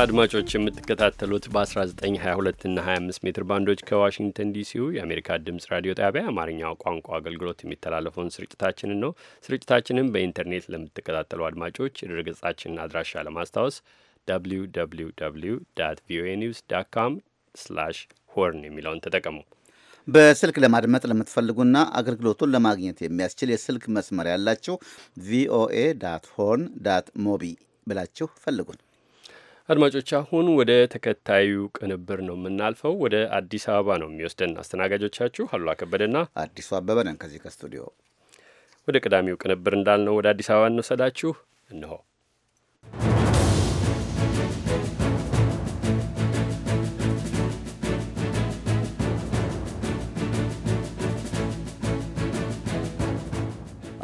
አድማጮች የምትከታተሉት በ1922 እና 25 ሜትር ባንዶች ከዋሽንግተን ዲሲው የአሜሪካ ድምፅ ራዲዮ ጣቢያ የአማርኛ ቋንቋ አገልግሎት የሚተላለፈውን ስርጭታችንን ነው። ስርጭታችንን በኢንተርኔት ለምትከታተሉ አድማጮች የድረገጻችንን አድራሻ ለማስታወስ www ቪኦኤ ኒውስ ዳት ካም ስላሽ ሆርን የሚለውን ተጠቀሙ። በስልክ ለማድመጥ ለምትፈልጉና አገልግሎቱን ለማግኘት የሚያስችል የስልክ መስመር ያላችሁ ቪኦኤ ዳት ሆርን ዳት ሞቢ ብላችሁ ፈልጉን። አድማጮች አሁን ወደ ተከታዩ ቅንብር ነው የምናልፈው። ወደ አዲስ አበባ ነው የሚወስደን። አስተናጋጆቻችሁ አሉ ከበደና አዲሱ አበበ ነን። ከዚህ ከስቱዲዮ ወደ ቅዳሜው ቅንብር እንዳልነው ወደ አዲስ አበባ እንወሰዳችሁ እንሆ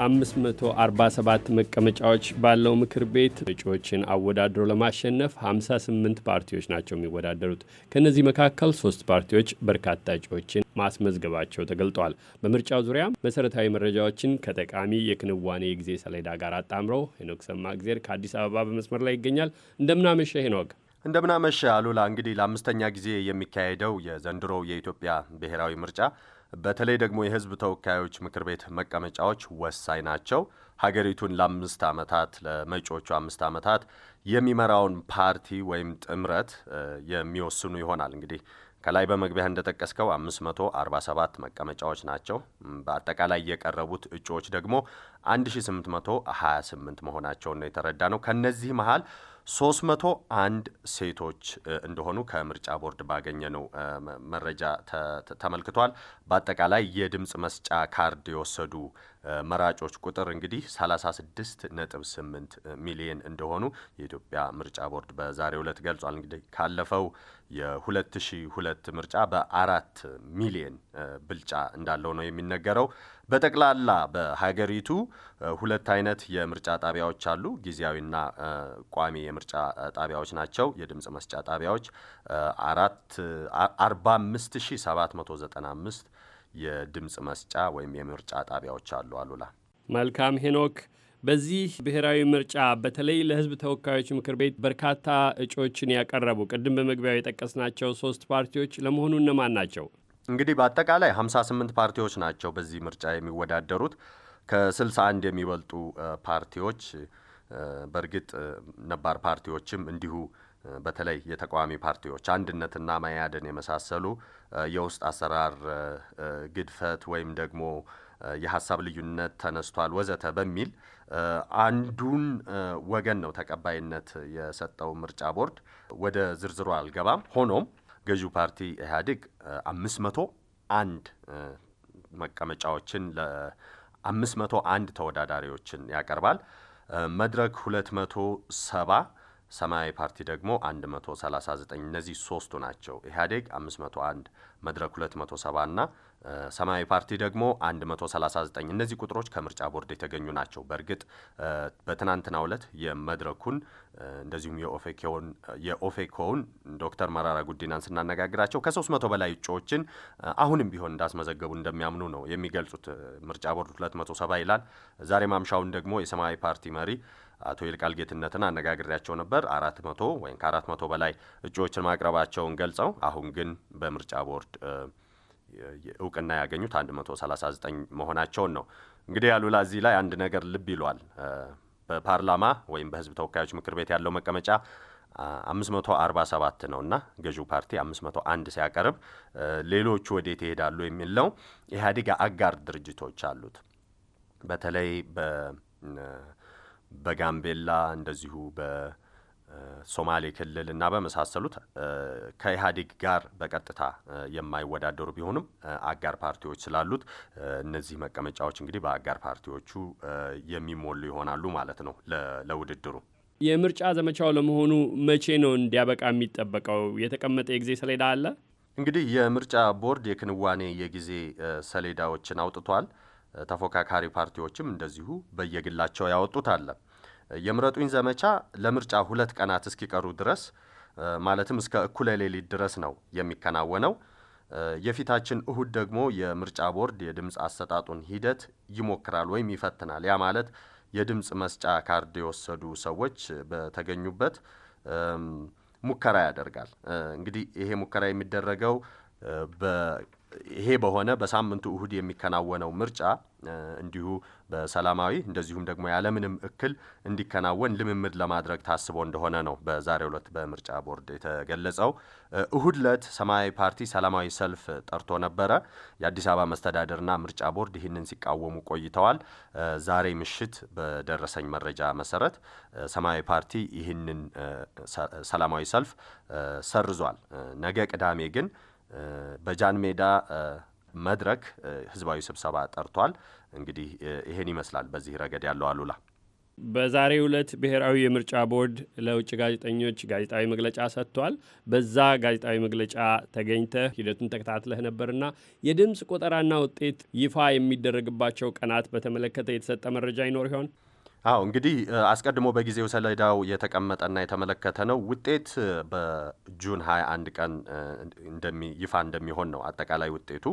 547 መቀመጫዎች ባለው ምክር ቤት እጩዎችን አወዳድሮ ለማሸነፍ 58 ፓርቲዎች ናቸው የሚወዳደሩት። ከእነዚህ መካከል ሶስት ፓርቲዎች በርካታ እጩዎችን ማስመዝገባቸው ተገልጧል። በምርጫው ዙሪያ መሰረታዊ መረጃዎችን ከጠቃሚ የክንዋኔ የጊዜ ሰሌዳ ጋር አጣምረው ሄኖክ ሰማእግዜር ከአዲስ አበባ በመስመር ላይ ይገኛል። እንደምናመሸ ሄኖክ። እንደምናመሸ አሉላ። እንግዲህ ለአምስተኛ ጊዜ የሚካሄደው የዘንድሮው የኢትዮጵያ ብሔራዊ ምርጫ በተለይ ደግሞ የህዝብ ተወካዮች ምክር ቤት መቀመጫዎች ወሳኝ ናቸው። ሀገሪቱን ለአምስት ዓመታት ለመጪዎቹ አምስት ዓመታት የሚመራውን ፓርቲ ወይም ጥምረት የሚወስኑ ይሆናል። እንግዲህ ከላይ በመግቢያ እንደጠቀስከው 547 መቀመጫዎች ናቸው። በአጠቃላይ የቀረቡት እጩዎች ደግሞ 1828 መሆናቸውን ነው የተረዳ ነው። ከነዚህ መሀል 301 ሴቶች እንደሆኑ ከምርጫ ቦርድ ነው መረጃ ተመልክቷል። በአጠቃላይ የድምፅ መስጫ ካርድ የወሰዱ መራጮች ቁጥር እንግዲህ 36.8 ሚሊዮን እንደሆኑ የኢትዮጵያ ምርጫ ቦርድ በዛሬው ዕለት ገልጿል። እንግዲህ ካለፈው የ2002 ምርጫ በአራት ሚሊዮን ብልጫ እንዳለው ነው የሚነገረው። በጠቅላላ በሀገሪቱ ሁለት አይነት የምርጫ ጣቢያዎች አሉ። ጊዜያዊና ቋሚ የምርጫ ጣቢያዎች ናቸው። የድምፅ መስጫ ጣቢያዎች አራት 45795 የድምፅ መስጫ ወይም የምርጫ ጣቢያዎች አሉ። አሉላ መልካም ሄኖክ በዚህ ብሔራዊ ምርጫ በተለይ ለሕዝብ ተወካዮች ምክር ቤት በርካታ እጩዎችን ያቀረቡ ቅድም በመግቢያው የጠቀስናቸው ሶስት ፓርቲዎች ለመሆኑ እነማን ናቸው? እንግዲህ በአጠቃላይ 58 ፓርቲዎች ናቸው በዚህ ምርጫ የሚወዳደሩት ከ61 የሚበልጡ ፓርቲዎች በእርግጥ ነባር ፓርቲዎችም እንዲሁ በተለይ የተቃዋሚ ፓርቲዎች አንድነትና መያድን የመሳሰሉ የውስጥ አሰራር ግድፈት ወይም ደግሞ የሀሳብ ልዩነት ተነስቷል ወዘተ በሚል አንዱን ወገን ነው ተቀባይነት የሰጠው ምርጫ ቦርድ። ወደ ዝርዝሩ አልገባም። ሆኖም ገዢው ፓርቲ ኢህአዴግ አምስት መቶ አንድ መቀመጫዎችን ለአምስት መቶ አንድ ተወዳዳሪዎችን ያቀርባል። መድረክ ሁለት መቶ ሰባ ሰማያዊ ፓርቲ ደግሞ 139። እነዚህ ሶስቱ ናቸው። ኢህአዴግ 501፣ መድረክ 270 እና ሰማያዊ ፓርቲ ደግሞ 139። እነዚህ ቁጥሮች ከምርጫ ቦርድ የተገኙ ናቸው። በእርግጥ በትናንትናው ዕለት የመድረኩን እንደዚሁም የኦፌኮውን ዶክተር መራራ ጉዲናን ስናነጋግራቸው ከሶስት መቶ በላይ እጩዎችን አሁንም ቢሆን እንዳስመዘገቡ እንደሚያምኑ ነው የሚገልጹት። ምርጫ ቦርድ 270 ይላል። ዛሬ ማምሻውን ደግሞ የሰማያዊ ፓርቲ መሪ አቶ ይልቃል ጌትነትን አነጋግሬያቸው ነበር። አራት መቶ ወይም ከአራት መቶ በላይ እጩዎችን ማቅረባቸውን ገልጸው አሁን ግን በምርጫ ቦርድ እውቅና ያገኙት 139 መሆናቸውን ነው። እንግዲህ ያሉላ እዚህ ላይ አንድ ነገር ልብ ይሏል። በፓርላማ ወይም በህዝብ ተወካዮች ምክር ቤት ያለው መቀመጫ 547 ነው እና ገዢው ፓርቲ 501 ሲያቀርብ ሌሎቹ ወዴት ይሄዳሉ የሚል ነው። ኢህአዴግ አጋር ድርጅቶች አሉት። በተለይ በ በጋምቤላ እንደዚሁ በሶማሌ ክልል እና በመሳሰሉት ከኢህአዴግ ጋር በቀጥታ የማይወዳደሩ ቢሆንም አጋር ፓርቲዎች ስላሉት እነዚህ መቀመጫዎች እንግዲህ በአጋር ፓርቲዎቹ የሚሞሉ ይሆናሉ ማለት ነው ለውድድሩ። የምርጫ ዘመቻው ለመሆኑ መቼ ነው እንዲያበቃ የሚጠበቀው? የተቀመጠ የጊዜ ሰሌዳ አለ? እንግዲህ የምርጫ ቦርድ የክንዋኔ የጊዜ ሰሌዳዎችን አውጥቷል። ተፎካካሪ ፓርቲዎችም እንደዚሁ በየግላቸው ያወጡት አለ። የምረጡኝ ዘመቻ ለምርጫ ሁለት ቀናት እስኪቀሩ ድረስ ማለትም እስከ እኩለ ሌሊት ድረስ ነው የሚከናወነው። የፊታችን እሁድ ደግሞ የምርጫ ቦርድ የድምፅ አሰጣጡን ሂደት ይሞክራል ወይም ይፈትናል። ያ ማለት የድምፅ መስጫ ካርድ የወሰዱ ሰዎች በተገኙበት ሙከራ ያደርጋል። እንግዲህ ይሄ ሙከራ የሚደረገው ይሄ በሆነ በሳምንቱ እሁድ የሚከናወነው ምርጫ እንዲሁ በሰላማዊ እንደዚሁም ደግሞ ያለምንም እክል እንዲከናወን ልምምድ ለማድረግ ታስቦ እንደሆነ ነው በዛሬው ዕለት በምርጫ ቦርድ የተገለጸው። እሁድ ዕለት ሰማያዊ ፓርቲ ሰላማዊ ሰልፍ ጠርቶ ነበረ። የአዲስ አበባ መስተዳደርና ምርጫ ቦርድ ይህንን ሲቃወሙ ቆይተዋል። ዛሬ ምሽት በደረሰኝ መረጃ መሰረት ሰማያዊ ፓርቲ ይህንን ሰላማዊ ሰልፍ ሰርዟል። ነገ ቅዳሜ ግን በጃን ሜዳ መድረክ ህዝባዊ ስብሰባ ጠርቷል። እንግዲህ ይሄን ይመስላል በዚህ ረገድ ያለው አሉላ። በዛሬው ዕለት ብሔራዊ የምርጫ ቦርድ ለውጭ ጋዜጠኞች ጋዜጣዊ መግለጫ ሰጥቷል። በዛ ጋዜጣዊ መግለጫ ተገኝተህ ሂደቱን ተከታትለህ ነበርና የድምፅ ቆጠራና ውጤት ይፋ የሚደረግባቸው ቀናት በተመለከተ የተሰጠ መረጃ ይኖር ይሆን? አዎ እንግዲህ አስቀድሞ በጊዜው ሰሌዳው የተቀመጠና የተመለከተ ነው። ውጤት በጁን 21 ቀን ይፋ እንደሚሆን ነው አጠቃላይ ውጤቱ።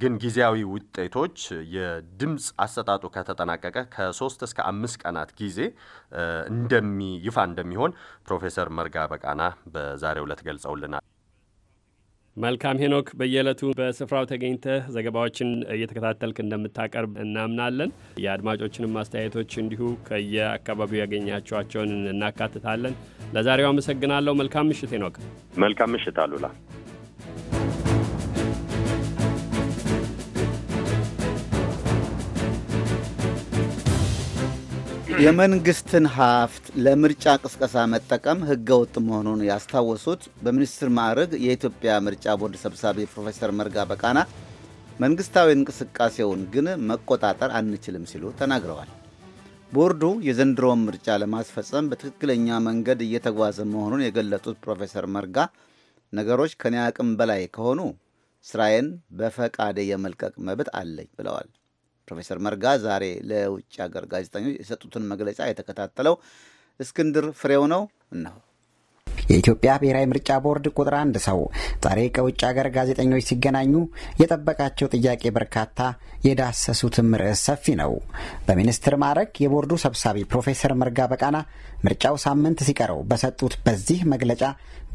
ግን ጊዜያዊ ውጤቶች የድምፅ አሰጣጡ ከተጠናቀቀ ከሶስት እስከ አምስት ቀናት ጊዜ እንደሚ ይፋ እንደሚሆን ፕሮፌሰር መርጋ በቃና በዛሬው ዕለት ገልጸውልናል። መልካም ሄኖክ፣ በየዕለቱ በስፍራው ተገኝተህ ዘገባዎችን እየተከታተልክ እንደምታቀርብ እናምናለን። የአድማጮችንም አስተያየቶች እንዲሁ ከየአካባቢው ያገኛቸዋቸውን እናካትታለን። ለዛሬው አመሰግናለሁ። መልካም ምሽት ሄኖክ። መልካም ምሽት አሉላ። የመንግስትን ሀብት ለምርጫ ቅስቀሳ መጠቀም ህገወጥ መሆኑን ያስታወሱት በሚኒስትር ማዕረግ የኢትዮጵያ ምርጫ ቦርድ ሰብሳቢ ፕሮፌሰር መርጋ በቃና መንግስታዊ እንቅስቃሴውን ግን መቆጣጠር አንችልም ሲሉ ተናግረዋል። ቦርዱ የዘንድሮውን ምርጫ ለማስፈጸም በትክክለኛ መንገድ እየተጓዘ መሆኑን የገለጡት ፕሮፌሰር መርጋ ነገሮች ከኔ አቅም በላይ ከሆኑ ስራዬን በፈቃደ የመልቀቅ መብት አለኝ ብለዋል። ፕሮፌሰር መርጋ ዛሬ ለውጭ ሀገር ጋዜጠኞች የሰጡትን መግለጫ የተከታተለው እስክንድር ፍሬው ነው እነሆ። የኢትዮጵያ ብሔራዊ ምርጫ ቦርድ ቁጥር አንድ ሰው ዛሬ ከውጭ ሀገር ጋዜጠኞች ሲገናኙ የጠበቃቸው ጥያቄ በርካታ፣ የዳሰሱትም ርዕስ ሰፊ ነው። በሚኒስትር ማዕረግ የቦርዱ ሰብሳቢ ፕሮፌሰር መርጋ በቃና ምርጫው ሳምንት ሲቀረው በሰጡት በዚህ መግለጫ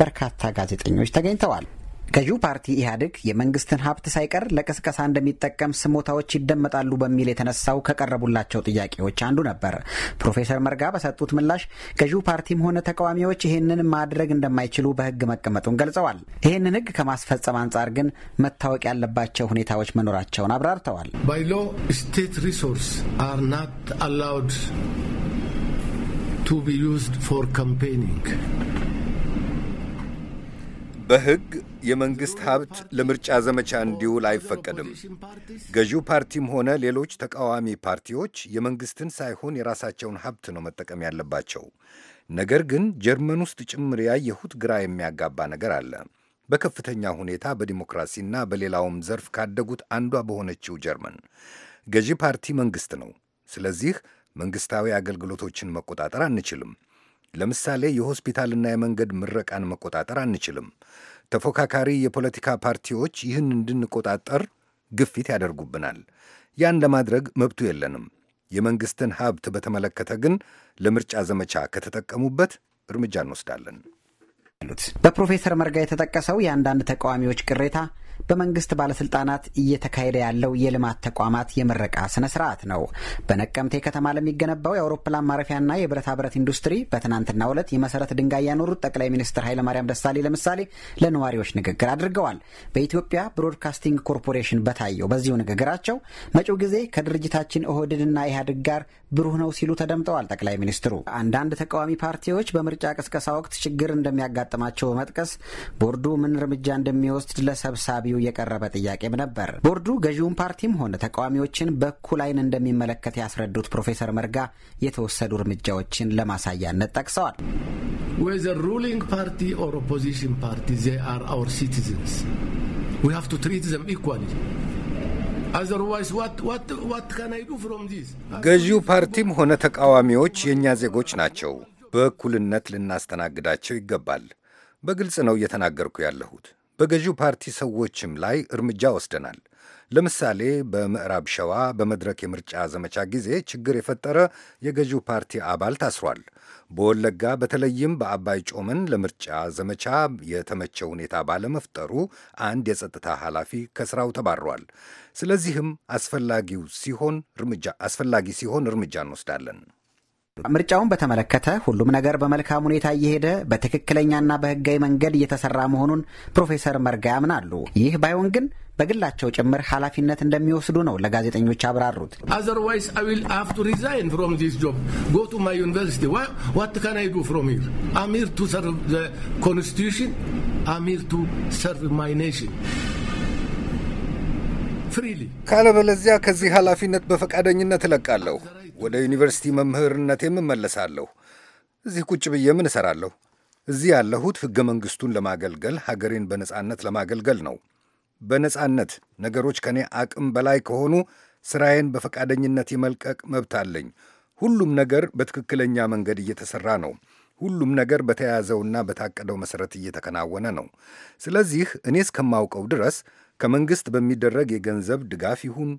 በርካታ ጋዜጠኞች ተገኝተዋል። ገዢው ፓርቲ ኢህአዴግ የመንግስትን ሀብት ሳይቀር ለቅስቀሳ እንደሚጠቀም ስሞታዎች ይደመጣሉ በሚል የተነሳው ከቀረቡላቸው ጥያቄዎች አንዱ ነበር። ፕሮፌሰር መርጋ በሰጡት ምላሽ ገዢው ፓርቲም ሆነ ተቃዋሚዎች ይህንን ማድረግ እንደማይችሉ በህግ መቀመጡን ገልጸዋል። ይህንን ህግ ከማስፈጸም አንጻር ግን መታወቅ ያለባቸው ሁኔታዎች መኖራቸውን አብራርተዋል። ባይ ሎ ስቴት ሪሶርስ አር ናት አላውድ ቱ ቢ ዩዝድ ፎር ካምፔኒንግ በህግ የመንግሥት ሀብት ለምርጫ ዘመቻ እንዲውል አይፈቀድም። ገዢው ፓርቲም ሆነ ሌሎች ተቃዋሚ ፓርቲዎች የመንግሥትን ሳይሆን የራሳቸውን ሀብት ነው መጠቀም ያለባቸው። ነገር ግን ጀርመን ውስጥ ጭምር ያየሁት ግራ የሚያጋባ ነገር አለ። በከፍተኛ ሁኔታ በዲሞክራሲና በሌላውም ዘርፍ ካደጉት አንዷ በሆነችው ጀርመን ገዢ ፓርቲ መንግሥት ነው። ስለዚህ መንግሥታዊ አገልግሎቶችን መቆጣጠር አንችልም። ለምሳሌ የሆስፒታልና የመንገድ ምረቃን መቆጣጠር አንችልም። ተፎካካሪ የፖለቲካ ፓርቲዎች ይህን እንድንቆጣጠር ግፊት ያደርጉብናል። ያን ለማድረግ መብቱ የለንም። የመንግሥትን ሀብት በተመለከተ ግን ለምርጫ ዘመቻ ከተጠቀሙበት እርምጃ እንወስዳለን። በፕሮፌሰር መርጋ የተጠቀሰው የአንዳንድ ተቃዋሚዎች ቅሬታ በመንግስት ባለስልጣናት እየተካሄደ ያለው የልማት ተቋማት የምረቃ ስነ ስርዓት ነው። በነቀምቴ ከተማ ለሚገነባው የአውሮፕላን ማረፊያና የብረታ ብረት ኢንዱስትሪ በትናንትናው ዕለት የመሰረት ድንጋይ ያኖሩት ጠቅላይ ሚኒስትር ኃይለማርያም ደሳሌ ለምሳሌ ለነዋሪዎች ንግግር አድርገዋል። በኢትዮጵያ ብሮድካስቲንግ ኮርፖሬሽን በታየው በዚሁ ንግግራቸው መጪው ጊዜ ከድርጅታችን ኦህዴድና ኢህአዴግ ጋር ብሩህ ነው ሲሉ ተደምጠዋል። ጠቅላይ ሚኒስትሩ አንዳንድ ተቃዋሚ ፓርቲዎች በምርጫ ቅስቀሳ ወቅት ችግር እንደሚያጋጥማቸው በመጥቀስ ቦርዱ ምን እርምጃ እንደሚወስድ ለሰብሳቢ በተገቢው የቀረበ ጥያቄም ነበር። ቦርዱ ገዢውን ፓርቲም ሆነ ተቃዋሚዎችን በእኩል አይን እንደሚመለከት ያስረዱት ፕሮፌሰር መርጋ የተወሰዱ እርምጃዎችን ለማሳያነት ጠቅሰዋል። whether ruling party or opposition party, they ገዢው ፓርቲም ሆነ ተቃዋሚዎች የእኛ ዜጎች ናቸው። በእኩልነት ልናስተናግዳቸው ይገባል። በግልጽ ነው እየተናገርኩ ያለሁት። በገዢው ፓርቲ ሰዎችም ላይ እርምጃ ወስደናል። ለምሳሌ በምዕራብ ሸዋ በመድረክ የምርጫ ዘመቻ ጊዜ ችግር የፈጠረ የገዢው ፓርቲ አባል ታስሯል። በወለጋ በተለይም በአባይ ጮመን ለምርጫ ዘመቻ የተመቸ ሁኔታ ባለመፍጠሩ አንድ የጸጥታ ኃላፊ ከስራው ተባሯል። ስለዚህም አስፈላጊው ሲሆን እርምጃ አስፈላጊ ሲሆን እርምጃ እንወስዳለን። ምርጫውን በተመለከተ ሁሉም ነገር በመልካም ሁኔታ እየሄደ በትክክለኛና በህጋዊ መንገድ እየተሰራ መሆኑን ፕሮፌሰር መርጋ ያምናሉ። ይህ ባይሆን ግን በግላቸው ጭምር ኃላፊነት እንደሚወስዱ ነው ለጋዜጠኞች አብራሩት። ካለበለዚያ ከዚህ ኃላፊነት በፈቃደኝነት እለቃለሁ። ወደ ዩኒቨርሲቲ መምህርነቴም እመለሳለሁ። እዚህ ቁጭ ብዬ ምን እሰራለሁ? እዚህ ያለሁት ሕገ መንግሥቱን ለማገልገል ሀገሬን በነጻነት ለማገልገል ነው። በነጻነት ነገሮች ከእኔ አቅም በላይ ከሆኑ ስራዬን በፈቃደኝነት የመልቀቅ መብት አለኝ። ሁሉም ነገር በትክክለኛ መንገድ እየተሠራ ነው። ሁሉም ነገር በተያያዘውና በታቀደው መሠረት እየተከናወነ ነው። ስለዚህ እኔ እስከማውቀው ድረስ ከመንግሥት በሚደረግ የገንዘብ ድጋፍ ይሁን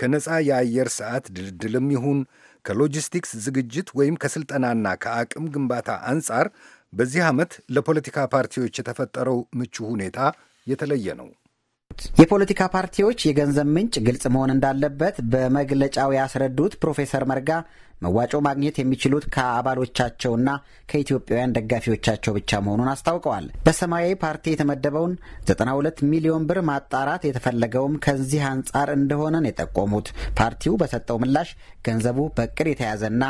ከነፃ የአየር ሰዓት ድልድልም ይሁን ከሎጂስቲክስ ዝግጅት ወይም ከሥልጠናና ከአቅም ግንባታ አንጻር በዚህ ዓመት ለፖለቲካ ፓርቲዎች የተፈጠረው ምቹ ሁኔታ የተለየ ነው። የፖለቲካ ፓርቲዎች የገንዘብ ምንጭ ግልጽ መሆን እንዳለበት በመግለጫው ያስረዱት ፕሮፌሰር መርጋ መዋጮ ማግኘት የሚችሉት ከአባሎቻቸውና ከኢትዮጵያውያን ደጋፊዎቻቸው ብቻ መሆኑን አስታውቀዋል። በሰማያዊ ፓርቲ የተመደበውን 92 ሚሊዮን ብር ማጣራት የተፈለገውም ከዚህ አንጻር እንደሆነን የጠቆሙት ፓርቲው በሰጠው ምላሽ ገንዘቡ በቅድ የተያዘና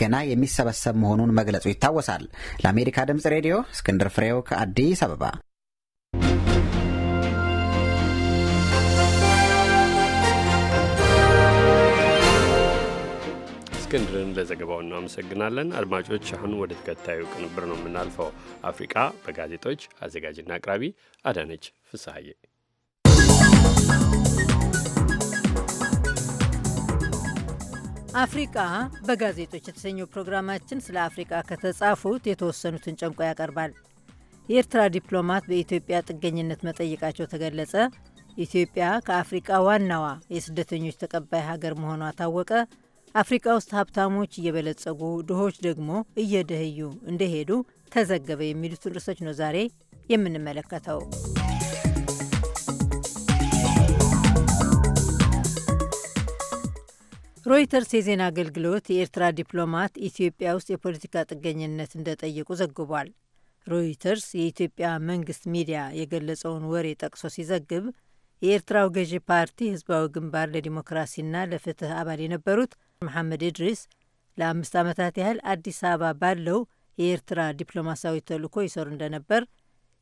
ገና የሚሰበሰብ መሆኑን መግለጹ ይታወሳል። ለአሜሪካ ድምፅ ሬዲዮ እስክንድር ፍሬው ከአዲስ አበባ እስክንድርን ለዘገባው እናመሰግናለን። አድማጮች፣ አሁን ወደ ተከታዩ ቅንብር ነው የምናልፈው። አፍሪቃ በጋዜጦች አዘጋጅና አቅራቢ አዳነች ፍስሐዬ። አፍሪቃ በጋዜጦች የተሰኘው ፕሮግራማችን ስለ አፍሪቃ ከተጻፉት የተወሰኑትን ጨምቆ ያቀርባል። የኤርትራ ዲፕሎማት በኢትዮጵያ ጥገኝነት መጠየቃቸው ተገለጸ፣ ኢትዮጵያ ከአፍሪቃ ዋናዋ የስደተኞች ተቀባይ ሀገር መሆኗ ታወቀ፣ አፍሪካ ውስጥ ሀብታሞች እየበለጸጉ ድሆች ደግሞ እየደህዩ እንደሄዱ ተዘገበ የሚሉትን ርዕሶች ነው ዛሬ የምንመለከተው። ሮይተርስ የዜና አገልግሎት የኤርትራ ዲፕሎማት ኢትዮጵያ ውስጥ የፖለቲካ ጥገኝነት እንደጠየቁ ዘግቧል። ሮይተርስ የኢትዮጵያ መንግስት ሚዲያ የገለጸውን ወሬ ጠቅሶ ሲዘግብ የኤርትራው ገዢ ፓርቲ ህዝባዊ ግንባር ለዲሞክራሲና ለፍትህ አባል የነበሩት መሐመድ እድሪስ ለአምስት ዓመታት ያህል አዲስ አበባ ባለው የኤርትራ ዲፕሎማሲያዊ ተልእኮ ይሰሩ እንደነበር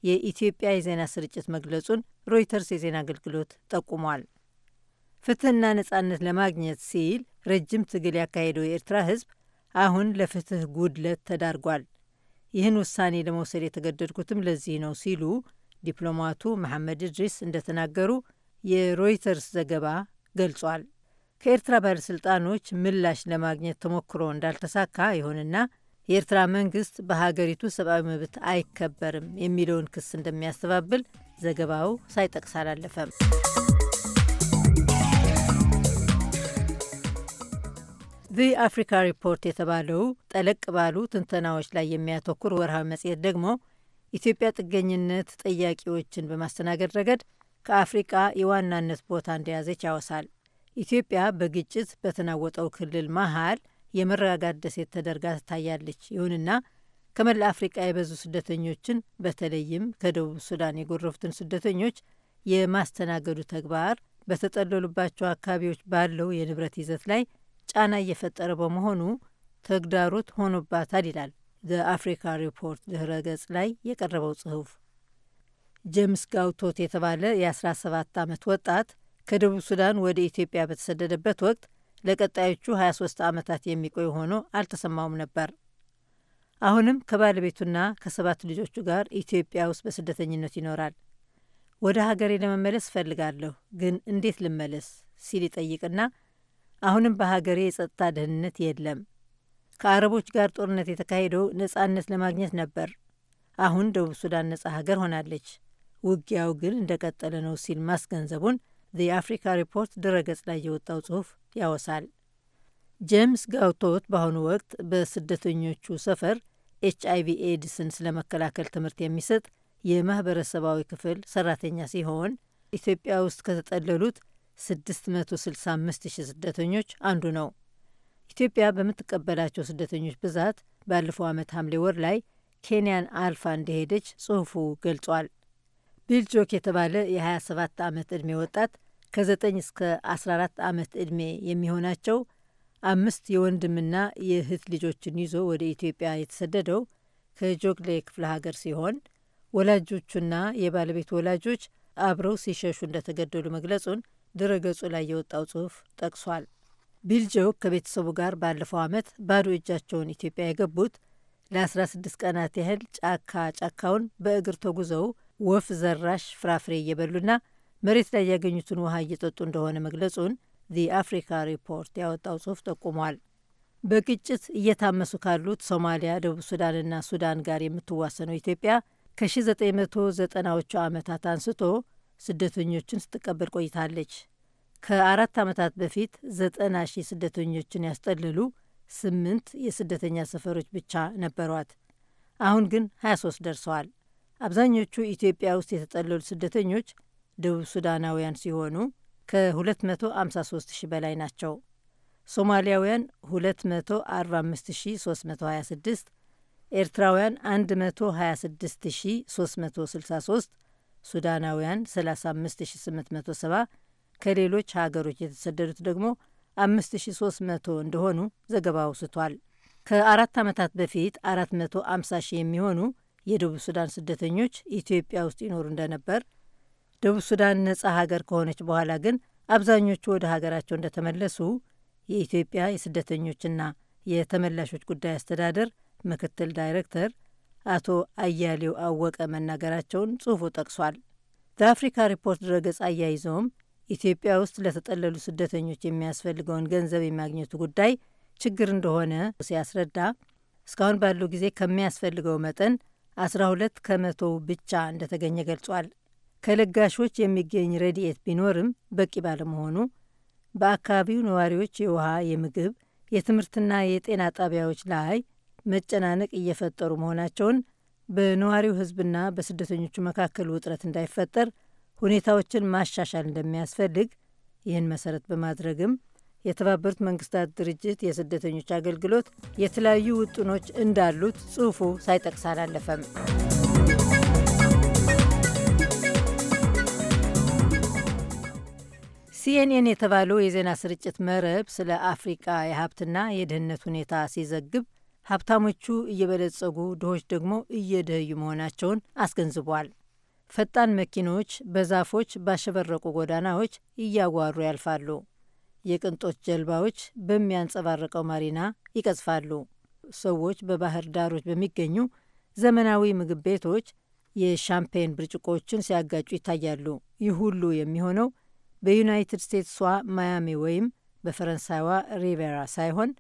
የኢትዮጵያ የዜና ስርጭት መግለጹን ሮይተርስ የዜና አገልግሎት ጠቁሟል። ፍትህና ነጻነት ለማግኘት ሲል ረጅም ትግል ያካሄደው የኤርትራ ህዝብ አሁን ለፍትህ ጉድለት ተዳርጓል። ይህን ውሳኔ ለመውሰድ የተገደድኩትም ለዚህ ነው ሲሉ ዲፕሎማቱ መሐመድ እድሪስ እንደተናገሩ የሮይተርስ ዘገባ ገልጿል። ከኤርትራ ባለሥልጣኖች ምላሽ ለማግኘት ተሞክሮ እንዳልተሳካ፣ ይሁንና የኤርትራ መንግስት በሀገሪቱ ሰብአዊ መብት አይከበርም የሚለውን ክስ እንደሚያስተባብል ዘገባው ሳይጠቅስ አላለፈም። ዚ አፍሪካ ሪፖርት የተባለው ጠለቅ ባሉ ትንተናዎች ላይ የሚያተኩር ወርሃዊ መጽሔት ደግሞ ኢትዮጵያ ጥገኝነት ጠያቂዎችን በማስተናገድ ረገድ ከአፍሪቃ የዋናነት ቦታ እንደያዘች ያወሳል። ኢትዮጵያ በግጭት በተናወጠው ክልል መሀል የመረጋጋት ደሴት ተደርጋ ትታያለች። ይሁንና ከመላ አፍሪቃ የበዙ ስደተኞችን በተለይም ከደቡብ ሱዳን የጎረፉትን ስደተኞች የማስተናገዱ ተግባር በተጠለሉባቸው አካባቢዎች ባለው የንብረት ይዘት ላይ ጫና እየፈጠረ በመሆኑ ተግዳሮት ሆኖባታል ይላል በአፍሪካ ሪፖርት ድህረ ገጽ ላይ የቀረበው ጽሑፍ። ጄምስ ጋውቶት የተባለ የ17 ዓመት ወጣት ከደቡብ ሱዳን ወደ ኢትዮጵያ በተሰደደበት ወቅት ለቀጣዮቹ 23 ዓመታት የሚቆይ ሆኖ አልተሰማውም ነበር። አሁንም ከባለቤቱና ከሰባት ልጆቹ ጋር ኢትዮጵያ ውስጥ በስደተኝነት ይኖራል። ወደ ሀገሬ ለመመለስ እፈልጋለሁ፣ ግን እንዴት ልመለስ ሲል ይጠይቅና አሁንም በሀገሬ የጸጥታ ደህንነት የለም። ከአረቦች ጋር ጦርነት የተካሄደው ነጻነት ለማግኘት ነበር። አሁን ደቡብ ሱዳን ነጻ ሀገር ሆናለች፣ ውጊያው ግን እንደቀጠለ ነው ሲል ማስገንዘቡን የአፍሪካ ሪፖርት ድረገጽ ላይ የወጣው ጽሑፍ ያወሳል። ጄምስ ጋውቶት በአሁኑ ወቅት በስደተኞቹ ሰፈር ኤች አይቪ ኤድስን ስለመከላከል ትምህርት የሚሰጥ የማህበረሰባዊ ክፍል ሰራተኛ ሲሆን ኢትዮጵያ ውስጥ ከተጠለሉት 665 ሺህ ስደተኞች አንዱ ነው። ኢትዮጵያ በምትቀበላቸው ስደተኞች ብዛት ባለፈው ዓመት ሐምሌ ወር ላይ ኬንያን አልፋ እንደሄደች ጽሑፉ ገልጿል። ቢልጆክ የተባለ የ27 ዓመት ዕድሜ ወጣት ከ9 እስከ 14 ዓመት ዕድሜ የሚሆናቸው አምስት የወንድምና የእህት ልጆችን ይዞ ወደ ኢትዮጵያ የተሰደደው ከጆግሌ ክፍለ ሀገር ሲሆን ወላጆቹና የባለቤት ወላጆች አብረው ሲሸሹ እንደተገደሉ መግለጹን ድረገጹ ላይ የወጣው ጽሑፍ ጠቅሷል። ቢልጆው ከቤተሰቡ ጋር ባለፈው ዓመት ባዶ እጃቸውን ኢትዮጵያ የገቡት ለ16 ቀናት ያህል ጫካ ጫካውን በእግር ተጉዘው ወፍ ዘራሽ ፍራፍሬ እየበሉና መሬት ላይ ያገኙትን ውሃ እየጠጡ እንደሆነ መግለጹን ዲ አፍሪካ ሪፖርት ያወጣው ጽሑፍ ጠቁሟል። በግጭት እየታመሱ ካሉት ሶማሊያ፣ ደቡብ ሱዳንና ሱዳን ጋር የምትዋሰነው ኢትዮጵያ ከ1990ዎቹ ዓመታት አንስቶ ስደተኞችን ስትቀበል ቆይታለች። ከአራት ዓመታት በፊት ዘጠና ሺህ ስደተኞችን ያስጠለሉ ስምንት የስደተኛ ሰፈሮች ብቻ ነበሯት። አሁን ግን 23 ደርሰዋል። አብዛኞቹ ኢትዮጵያ ውስጥ የተጠለሉ ስደተኞች ደቡብ ሱዳናውያን ሲሆኑ ከ253 ሺህ በላይ ናቸው። ሶማሊያውያን 245326፣ ኤርትራውያን 126363፣ ሱዳናውያን 35870፣ ከሌሎች ሀገሮች የተሰደዱት ደግሞ 5300 እንደሆኑ ዘገባ አውስቷል። ከአራት ዓመታት በፊት 450 ሺህ የሚሆኑ የደቡብ ሱዳን ስደተኞች ኢትዮጵያ ውስጥ ይኖሩ እንደነበር ደቡብ ሱዳን ነጻ ሀገር ከሆነች በኋላ ግን አብዛኞቹ ወደ ሀገራቸው እንደተመለሱ የኢትዮጵያ የስደተኞችና የተመላሾች ጉዳይ አስተዳደር ምክትል ዳይሬክተር አቶ አያሌው አወቀ መናገራቸውን ጽሑፉ ጠቅሷል። በአፍሪካ ሪፖርት ድረገጽ አያይዘውም ኢትዮጵያ ውስጥ ለተጠለሉ ስደተኞች የሚያስፈልገውን ገንዘብ የማግኘቱ ጉዳይ ችግር እንደሆነ ሲያስረዳ እስካሁን ባለው ጊዜ ከሚያስፈልገው መጠን 12 ከመቶ ብቻ እንደተገኘ ገልጿል። ከለጋሾች የሚገኝ ረድኤት ቢኖርም በቂ ባለመሆኑ በአካባቢው ነዋሪዎች የውሃ፣ የምግብ፣ የትምህርትና የጤና ጣቢያዎች ላይ መጨናነቅ እየፈጠሩ መሆናቸውን በነዋሪው ህዝብና በስደተኞቹ መካከል ውጥረት እንዳይፈጠር ሁኔታዎችን ማሻሻል እንደሚያስፈልግ ይህን መሰረት በማድረግም የተባበሩት መንግስታት ድርጅት የስደተኞች አገልግሎት የተለያዩ ውጥኖች እንዳሉት ጽሑፉ ሳይጠቅስ አላለፈም። ሲኤንኤን የተባለው የዜና ስርጭት መረብ ስለ አፍሪቃ የሀብትና የድህነት ሁኔታ ሲዘግብ ሀብታሞቹ እየበለጸጉ ድሆች ደግሞ እየደህዩ መሆናቸውን አስገንዝቧል። ፈጣን መኪኖች በዛፎች ባሸበረቁ ጎዳናዎች እያጓሩ ያልፋሉ። የቅንጦች ጀልባዎች በሚያንጸባርቀው ማሪና ይቀዝፋሉ። ሰዎች በባህር ዳሮች በሚገኙ ዘመናዊ ምግብ ቤቶች የሻምፔን ብርጭቆችን ሲያጋጩ ይታያሉ። ይህ ሁሉ የሚሆነው በዩናይትድ ስቴትስዋ ማያሚ ወይም በፈረንሳይዋ ሪቬራ ሳይሆን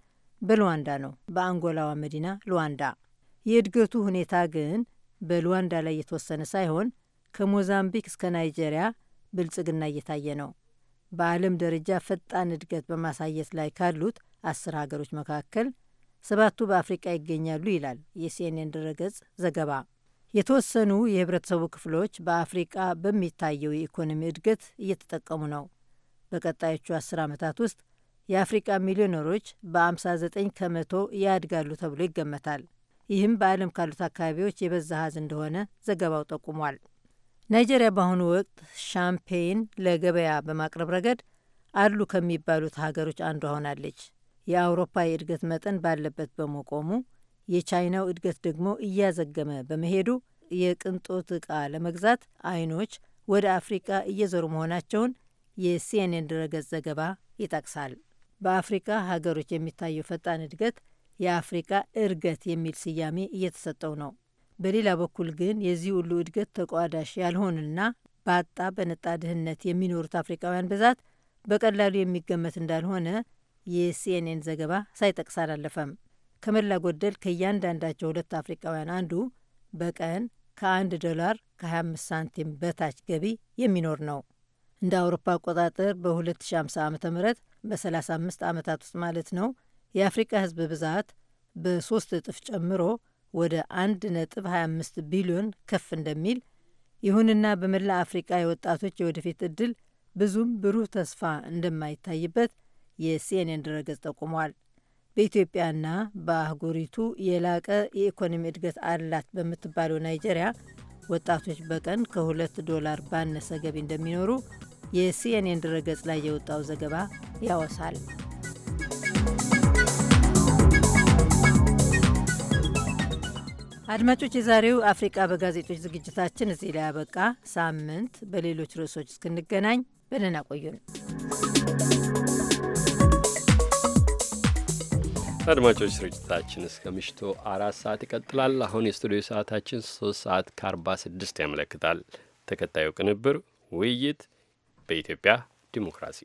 በሉዋንዳ ነው፣ በአንጎላዋ መዲና ሉዋንዳ። የእድገቱ ሁኔታ ግን በሉዋንዳ ላይ የተወሰነ ሳይሆን ከሞዛምቢክ እስከ ናይጄሪያ ብልጽግና እየታየ ነው። በዓለም ደረጃ ፈጣን እድገት በማሳየት ላይ ካሉት አስር ሀገሮች መካከል ሰባቱ በአፍሪቃ ይገኛሉ ይላል የሲኤንኤን ድረገጽ ዘገባ። የተወሰኑ የህብረተሰቡ ክፍሎች በአፍሪቃ በሚታየው የኢኮኖሚ እድገት እየተጠቀሙ ነው። በቀጣዮቹ አስር ዓመታት ውስጥ የአፍሪቃ ሚሊዮነሮች በ59 ከመቶ ያድጋሉ ተብሎ ይገመታል። ይህም በዓለም ካሉት አካባቢዎች የበዛ ሀዝ እንደሆነ ዘገባው ጠቁሟል። ናይጄሪያ በአሁኑ ወቅት ሻምፔይን ለገበያ በማቅረብ ረገድ አሉ ከሚባሉት ሀገሮች አንዷ ሆናለች። የአውሮፓ የእድገት መጠን ባለበት በመቆሙ የቻይናው እድገት ደግሞ እያዘገመ በመሄዱ የቅንጦት ዕቃ ለመግዛት አይኖች ወደ አፍሪቃ እየዞሩ መሆናቸውን የሲኤንኤን ድረገጽ ዘገባ ይጠቅሳል። በአፍሪካ ሀገሮች የሚታየው ፈጣን እድገት የአፍሪቃ እርገት የሚል ስያሜ እየተሰጠው ነው። በሌላ በኩል ግን የዚህ ሁሉ እድገት ተቋዳሽ ያልሆንና በአጣ በነጣ ድህነት የሚኖሩት አፍሪካውያን ብዛት በቀላሉ የሚገመት እንዳልሆነ የሲኤንኤን ዘገባ ሳይጠቅስ አላለፈም። ከመላ ጎደል ከእያንዳንዳቸው ሁለት አፍሪቃውያን አንዱ በቀን ከ1 ዶላር ከ25 ሳንቲም በታች ገቢ የሚኖር ነው። እንደ አውሮፓ አቆጣጠር በ2050 ዓ ም በ35 ዓመታት ውስጥ ማለት ነው የአፍሪቃ ህዝብ ብዛት በሶስት እጥፍ ጨምሮ ወደ 1.25 ቢሊዮን ከፍ እንደሚል ይሁንና በመላ አፍሪቃ የወጣቶች የወደፊት እድል ብዙም ብሩህ ተስፋ እንደማይታይበት የሲኤንኤን ድረገጽ ጠቁሟል። በኢትዮጵያና በአህጉሪቱ የላቀ የኢኮኖሚ እድገት አላት በምትባለው ናይጄሪያ ወጣቶች በቀን ከሁለት ዶላር ባነሰ ገቢ እንደሚኖሩ የሲኤንኤን ድረገጽ ላይ የወጣው ዘገባ ያወሳል። አድማጮች፣ የዛሬው አፍሪቃ በጋዜጦች ዝግጅታችን እዚህ ላይ ያበቃ። ሳምንት በሌሎች ርዕሶች እስክንገናኝ በደህና ቆዩን። አድማጮች ስርጭታችን እስከ ምሽቱ አራት ሰዓት ይቀጥላል። አሁን የስቱዲዮ ሰዓታችን ሶስት ሰዓት ከአርባ ስድስት ያመለክታል። ተከታዩ ቅንብር ውይይት በኢትዮጵያ ዲሞክራሲ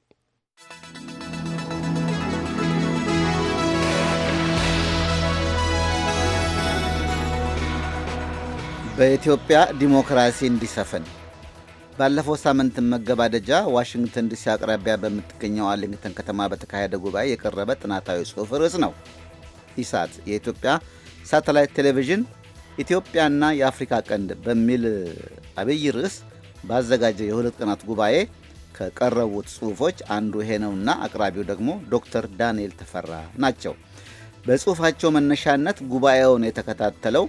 በኢትዮጵያ ዲሞክራሲ እንዲሰፍን ባለፈው ሳምንት መገባደጃ ዋሽንግተን ዲሲ አቅራቢያ በምትገኘው አርሊንግተን ከተማ በተካሄደ ጉባኤ የቀረበ ጥናታዊ ጽሑፍ ርዕስ ነው። ኢሳት የኢትዮጵያ ሳተላይት ቴሌቪዥን ኢትዮጵያና የአፍሪካ ቀንድ በሚል አብይ ርዕስ ባዘጋጀ የሁለት ቀናት ጉባኤ ከቀረቡት ጽሑፎች አንዱ ይሄ ነውና አቅራቢው ደግሞ ዶክተር ዳንኤል ተፈራ ናቸው። በጽሑፋቸው መነሻነት ጉባኤውን የተከታተለው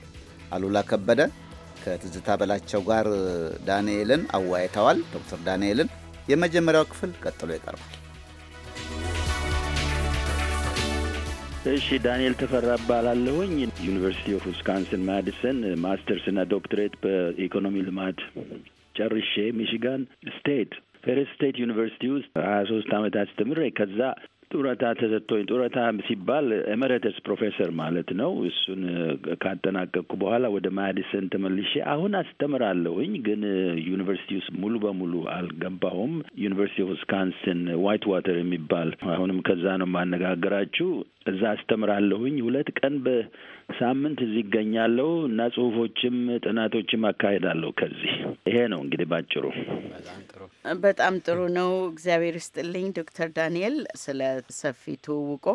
አሉላ ከበደ ከትዝታ በላቸው ጋር ዳንኤልን አወያይተዋል። ዶክተር ዳንኤልን የመጀመሪያው ክፍል ቀጥሎ ይቀርባል። እሺ ዳንኤል ተፈራ እባላለሁኝ። ዩኒቨርሲቲ ኦፍ ዊስካንስን ማዲሰን ማስተርስ እና ዶክትሬት በኢኮኖሚ ልማት ጨርሼ ሚሽጋን ስቴት ፌሬስ ስቴት ዩኒቨርሲቲ ውስጥ ሀያ ሶስት አመታት አስተምሬ ከዛ ጡረታ ተሰጥቶኝ ጡረታ ሲባል ኤሜሬተስ ፕሮፌሰር ማለት ነው። እሱን ካጠናቀቅኩ በኋላ ወደ ማዲሰን ተመልሼ አሁን አስተምራለሁኝ፣ ግን ዩኒቨርሲቲ ውስጥ ሙሉ በሙሉ አልገባሁም። ዩኒቨርሲቲ ኦፍ ዊስካንስን ዋይት ዋተር የሚባል አሁንም ከዛ ነው ማነጋገራችሁ። እዛ አስተምራለሁኝ። ሁለት ቀን በሳምንት እዚህ ይገኛለሁ እና ጽሁፎችም ጥናቶችም አካሄዳለሁ። ከዚህ ይሄ ነው እንግዲህ ባጭሩ። በጣም ጥሩ ነው። እግዚአብሔር ይስጥልኝ ዶክተር ዳንኤል ስለ ሰፊ ትውውቆ።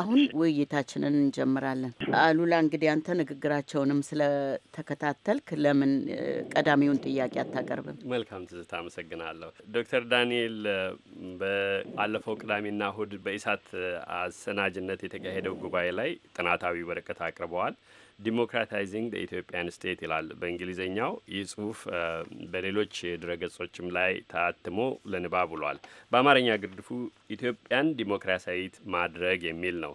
አሁን ውይይታችንን እንጀምራለን። አሉላ እንግዲህ አንተ ንግግራቸውንም ስለተከታተልክ ለምን ቀዳሚውን ጥያቄ አታቀርብም? መልካም ትዝታ፣ አመሰግናለሁ ዶክተር ዳንኤል በአለፈው ቅዳሜና እሁድ በኢሳት አሰናጅነት በተካሄደው ጉባኤ ላይ ጥናታዊ ወረቀት አቅርበዋል። ዲሞክራታይዚንግ ኢትዮጵያን ስቴት ይላል በእንግሊዝኛው። ይህ ጽሁፍ በሌሎች ድረገጾችም ላይ ታትሞ ለንባብ ውሏል። በአማርኛ ግርድፉ ኢትዮጵያን ዲሞክራሲያዊት ማድረግ የሚል ነው።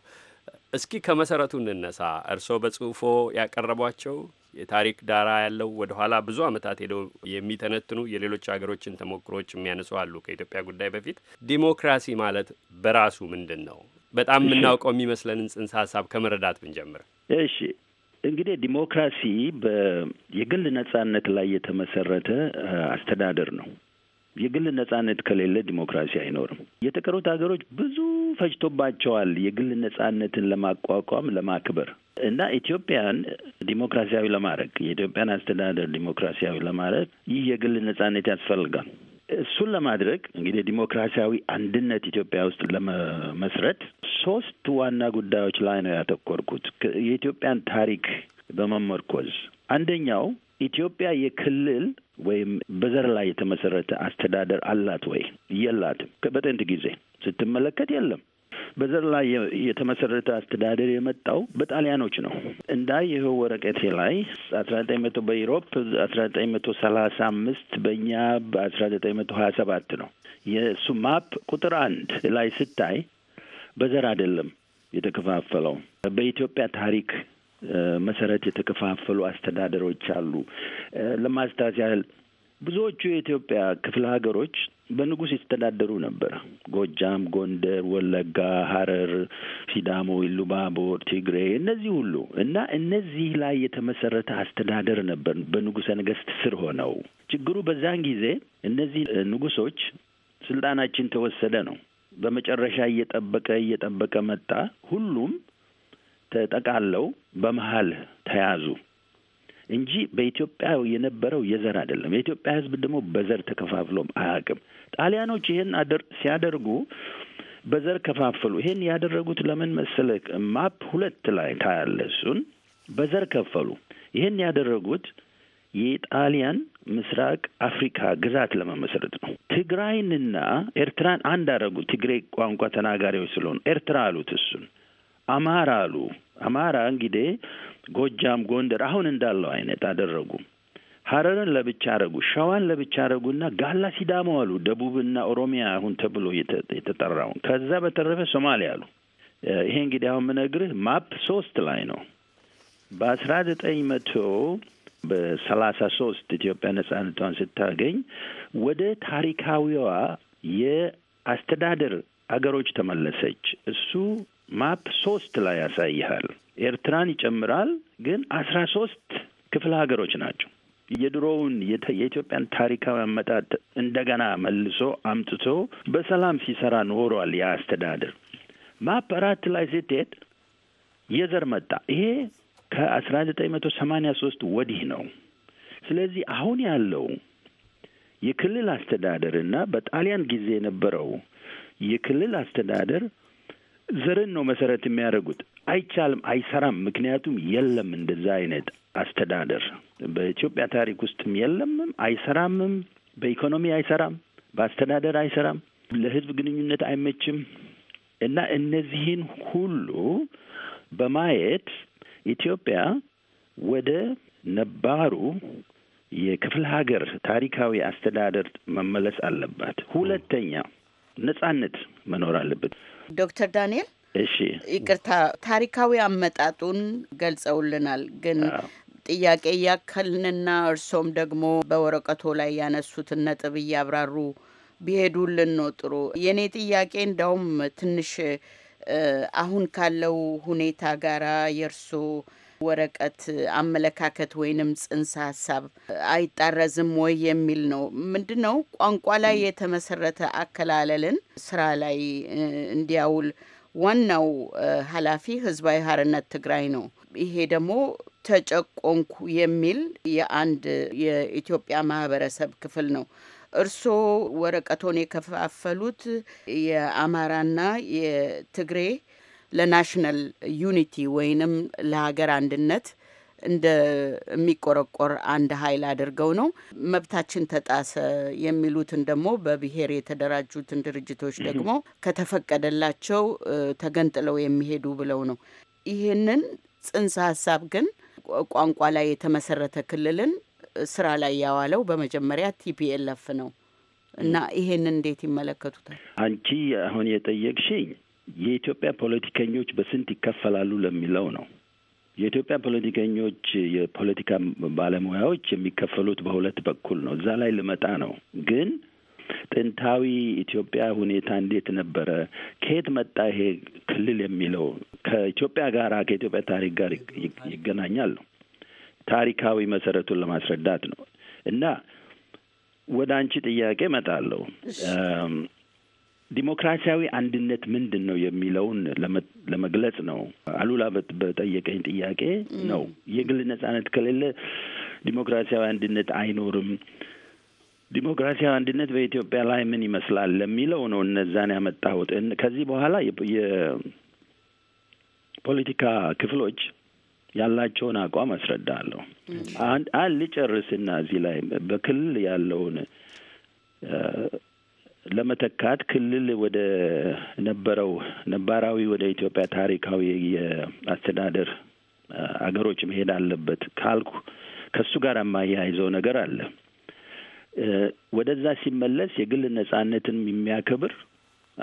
እስኪ ከመሰረቱ እንነሳ። እርስዎ በጽሁፎ ያቀረቧቸው የታሪክ ዳራ ያለው ወደኋላ ብዙ ዓመታት ሄደው የሚተነትኑ የሌሎች ሀገሮችን ተሞክሮዎች የሚያነሱ አሉ። ከኢትዮጵያ ጉዳይ በፊት ዲሞክራሲ ማለት በራሱ ምንድን ነው? በጣም የምናውቀው የሚመስለንን ጽንሰ ሀሳብ ከመረዳት ብንጀምር። እሺ እንግዲህ ዲሞክራሲ የግል ነጻነት ላይ የተመሰረተ አስተዳደር ነው። የግል ነጻነት ከሌለ ዲሞክራሲ አይኖርም። የተቀሩት ሀገሮች ብዙ ፈጅቶባቸዋል የግል ነጻነትን ለማቋቋም ለማክበር እና ኢትዮጵያን ዲሞክራሲያዊ ለማድረግ የኢትዮጵያን አስተዳደር ዲሞክራሲያዊ ለማድረግ ይህ የግል ነጻነት ያስፈልጋል። እሱን ለማድረግ እንግዲህ ዲሞክራሲያዊ አንድነት ኢትዮጵያ ውስጥ ለመመስረት ሶስት ዋና ጉዳዮች ላይ ነው ያተኮርኩት የኢትዮጵያን ታሪክ በመመርኮዝ አንደኛው ኢትዮጵያ የክልል ወይም በዘር ላይ የተመሰረተ አስተዳደር አላት ወይ? የላትም። በጥንት ጊዜ ስትመለከት የለም። በዘር ላይ የተመሰረተ አስተዳደር የመጣው በጣሊያኖች ነው። እንዳየኸው ወረቀቴ ላይ አስራ ዘጠኝ መቶ በኢሮፕ አስራ ዘጠኝ መቶ ሰላሳ አምስት በእኛ በአስራ ዘጠኝ መቶ ሀያ ሰባት ነው። የእሱ ማፕ ቁጥር አንድ ላይ ስታይ በዘር አይደለም የተከፋፈለው በኢትዮጵያ ታሪክ መሰረት የተከፋፈሉ አስተዳደሮች አሉ። ለማስታወስ ያህል ብዙዎቹ የኢትዮጵያ ክፍለ ሀገሮች በንጉስ ይስተዳደሩ ነበር። ጎጃም፣ ጎንደር፣ ወለጋ፣ ሀረር፣ ሲዳሞ፣ ኢሉባቦር፣ ትግሬ እነዚህ ሁሉ እና እነዚህ ላይ የተመሰረተ አስተዳደር ነበር በንጉሰ ነገስት ስር ሆነው። ችግሩ በዛን ጊዜ እነዚህ ንጉሶች ስልጣናችን ተወሰደ ነው። በመጨረሻ እየጠበቀ እየጠበቀ መጣ። ሁሉም ተጠቃለው በመሀል ተያዙ። እንጂ በኢትዮጵያ የነበረው የዘር አይደለም። የኢትዮጵያ ሕዝብ ደግሞ በዘር ተከፋፍሎም አያውቅም። ጣሊያኖች ይህን ሲያደርጉ በዘር ከፋፈሉ። ይህን ያደረጉት ለምን መሰለህ? ማፕ ሁለት ላይ ታያለ። እሱን በዘር ከፈሉ። ይህን ያደረጉት የጣሊያን ምስራቅ አፍሪካ ግዛት ለመመስረት ነው። ትግራይንና ኤርትራን አንድ አደረጉት። ትግሬ ቋንቋ ተናጋሪዎች ስለሆኑ ኤርትራ አሉት እሱን አማራ አሉ። አማራ እንግዲህ ጎጃም፣ ጎንደር አሁን እንዳለው አይነት አደረጉ። ሀረርን ለብቻ አረጉ። ሸዋን ለብቻ አረጉና ጋላ ሲዳሞ አሉ። ደቡብና ኦሮሚያ አሁን ተብሎ የተጠራውን ከዛ በተረፈ ሶማሌ አሉ። ይሄ እንግዲህ አሁን ምነግርህ ማፕ ሶስት ላይ ነው። በአስራ ዘጠኝ መቶ በሰላሳ ሶስት ኢትዮጵያ ነጻነቷን ስታገኝ ወደ ታሪካዊዋ የአስተዳደር አገሮች ተመለሰች። እሱ ማፕ ሶስት ላይ ያሳይሃል። ኤርትራን ይጨምራል፣ ግን አስራ ሶስት ክፍለ ሀገሮች ናቸው። የድሮውን የኢትዮጵያን ታሪካዊ አመጣት እንደገና መልሶ አምጥቶ በሰላም ሲሰራ ኖሯል። ያ አስተዳደር ማፕ አራት ላይ ስትሄድ የዘር መጣ። ይሄ ከአስራ ዘጠኝ መቶ ሰማኒያ ሶስት ወዲህ ነው። ስለዚህ አሁን ያለው የክልል አስተዳደር እና በጣሊያን ጊዜ የነበረው የክልል አስተዳደር ዘርን ነው መሰረት የሚያደርጉት። አይቻልም፣ አይሰራም። ምክንያቱም የለም እንደዛ አይነት አስተዳደር በኢትዮጵያ ታሪክ ውስጥም የለምም፣ አይሰራምም። በኢኮኖሚ አይሰራም፣ በአስተዳደር አይሰራም፣ ለህዝብ ግንኙነት አይመችም። እና እነዚህን ሁሉ በማየት ኢትዮጵያ ወደ ነባሩ የክፍለ ሀገር ታሪካዊ አስተዳደር መመለስ አለባት። ሁለተኛ ነጻነት መኖር አለበት። ዶክተር ዳንኤል እሺ፣ ይቅርታ ታሪካዊ አመጣጡን ገልጸውልናል ግን ጥያቄ እያከልንና እርሶም ደግሞ በወረቀቶ ላይ ያነሱትን ነጥብ እያብራሩ ቢሄዱልን ነው ጥሩ። የእኔ ጥያቄ እንደውም ትንሽ አሁን ካለው ሁኔታ ጋራ የእርሶ ወረቀት አመለካከት ወይንም ጽንሰ ሀሳብ አይጣረዝም ወይ የሚል ነው። ምንድ ነው ቋንቋ ላይ የተመሰረተ አከላለልን ስራ ላይ እንዲያውል ዋናው ኃላፊ ህዝባዊ ሀርነት ትግራይ ነው። ይሄ ደግሞ ተጨቆንኩ የሚል የአንድ የኢትዮጵያ ማህበረሰብ ክፍል ነው። እርስዎ ወረቀቶን የከፋፈሉት የአማራና የትግሬ ለናሽናል ዩኒቲ ወይንም ለሀገር አንድነት እንደሚቆረቆር አንድ ኃይል አድርገው ነው። መብታችን ተጣሰ የሚሉትን ደግሞ በብሔር የተደራጁትን ድርጅቶች ደግሞ ከተፈቀደላቸው ተገንጥለው የሚሄዱ ብለው ነው። ይህንን ጽንሰ ሀሳብ ግን ቋንቋ ላይ የተመሰረተ ክልልን ስራ ላይ ያዋለው በመጀመሪያ ቲፒኤልኤፍ ነው እና ይሄንን እንዴት ይመለከቱታል? አንቺ አሁን የጠየቅሽኝ የኢትዮጵያ ፖለቲከኞች በስንት ይከፈላሉ ለሚለው ነው። የኢትዮጵያ ፖለቲከኞች የፖለቲካ ባለሙያዎች የሚከፈሉት በሁለት በኩል ነው። እዛ ላይ ልመጣ ነው። ግን ጥንታዊ ኢትዮጵያ ሁኔታ እንዴት ነበረ? ከየት መጣ ይሄ ክልል የሚለው ከኢትዮጵያ ጋር ከኢትዮጵያ ታሪክ ጋር ይገናኛል ነው። ታሪካዊ መሰረቱን ለማስረዳት ነው። እና ወደ አንቺ ጥያቄ እመጣለሁ። ዲሞክራሲያዊ አንድነት ምንድን ነው የሚለውን ለመግለጽ ነው። አሉላ በጠየቀኝ ጥያቄ ነው። የግል ነጻነት ከሌለ ዲሞክራሲያዊ አንድነት አይኖርም። ዲሞክራሲያዊ አንድነት በኢትዮጵያ ላይ ምን ይመስላል ለሚለው ነው እነዛን ያመጣሁት። ከዚህ በኋላ የፖለቲካ ክፍሎች ያላቸውን አቋም አስረዳለሁ። አንድ ልጨርስና እዚህ ላይ በክልል ያለውን ለመተካት ክልል ወደ ነበረው ነባራዊ ወደ ኢትዮጵያ ታሪካዊ የአስተዳደር አገሮች መሄድ አለበት ካልኩ ከሱ ጋር የማያይዘው ነገር አለ። ወደዛ ሲመለስ የግል ነጻነትን የሚያከብር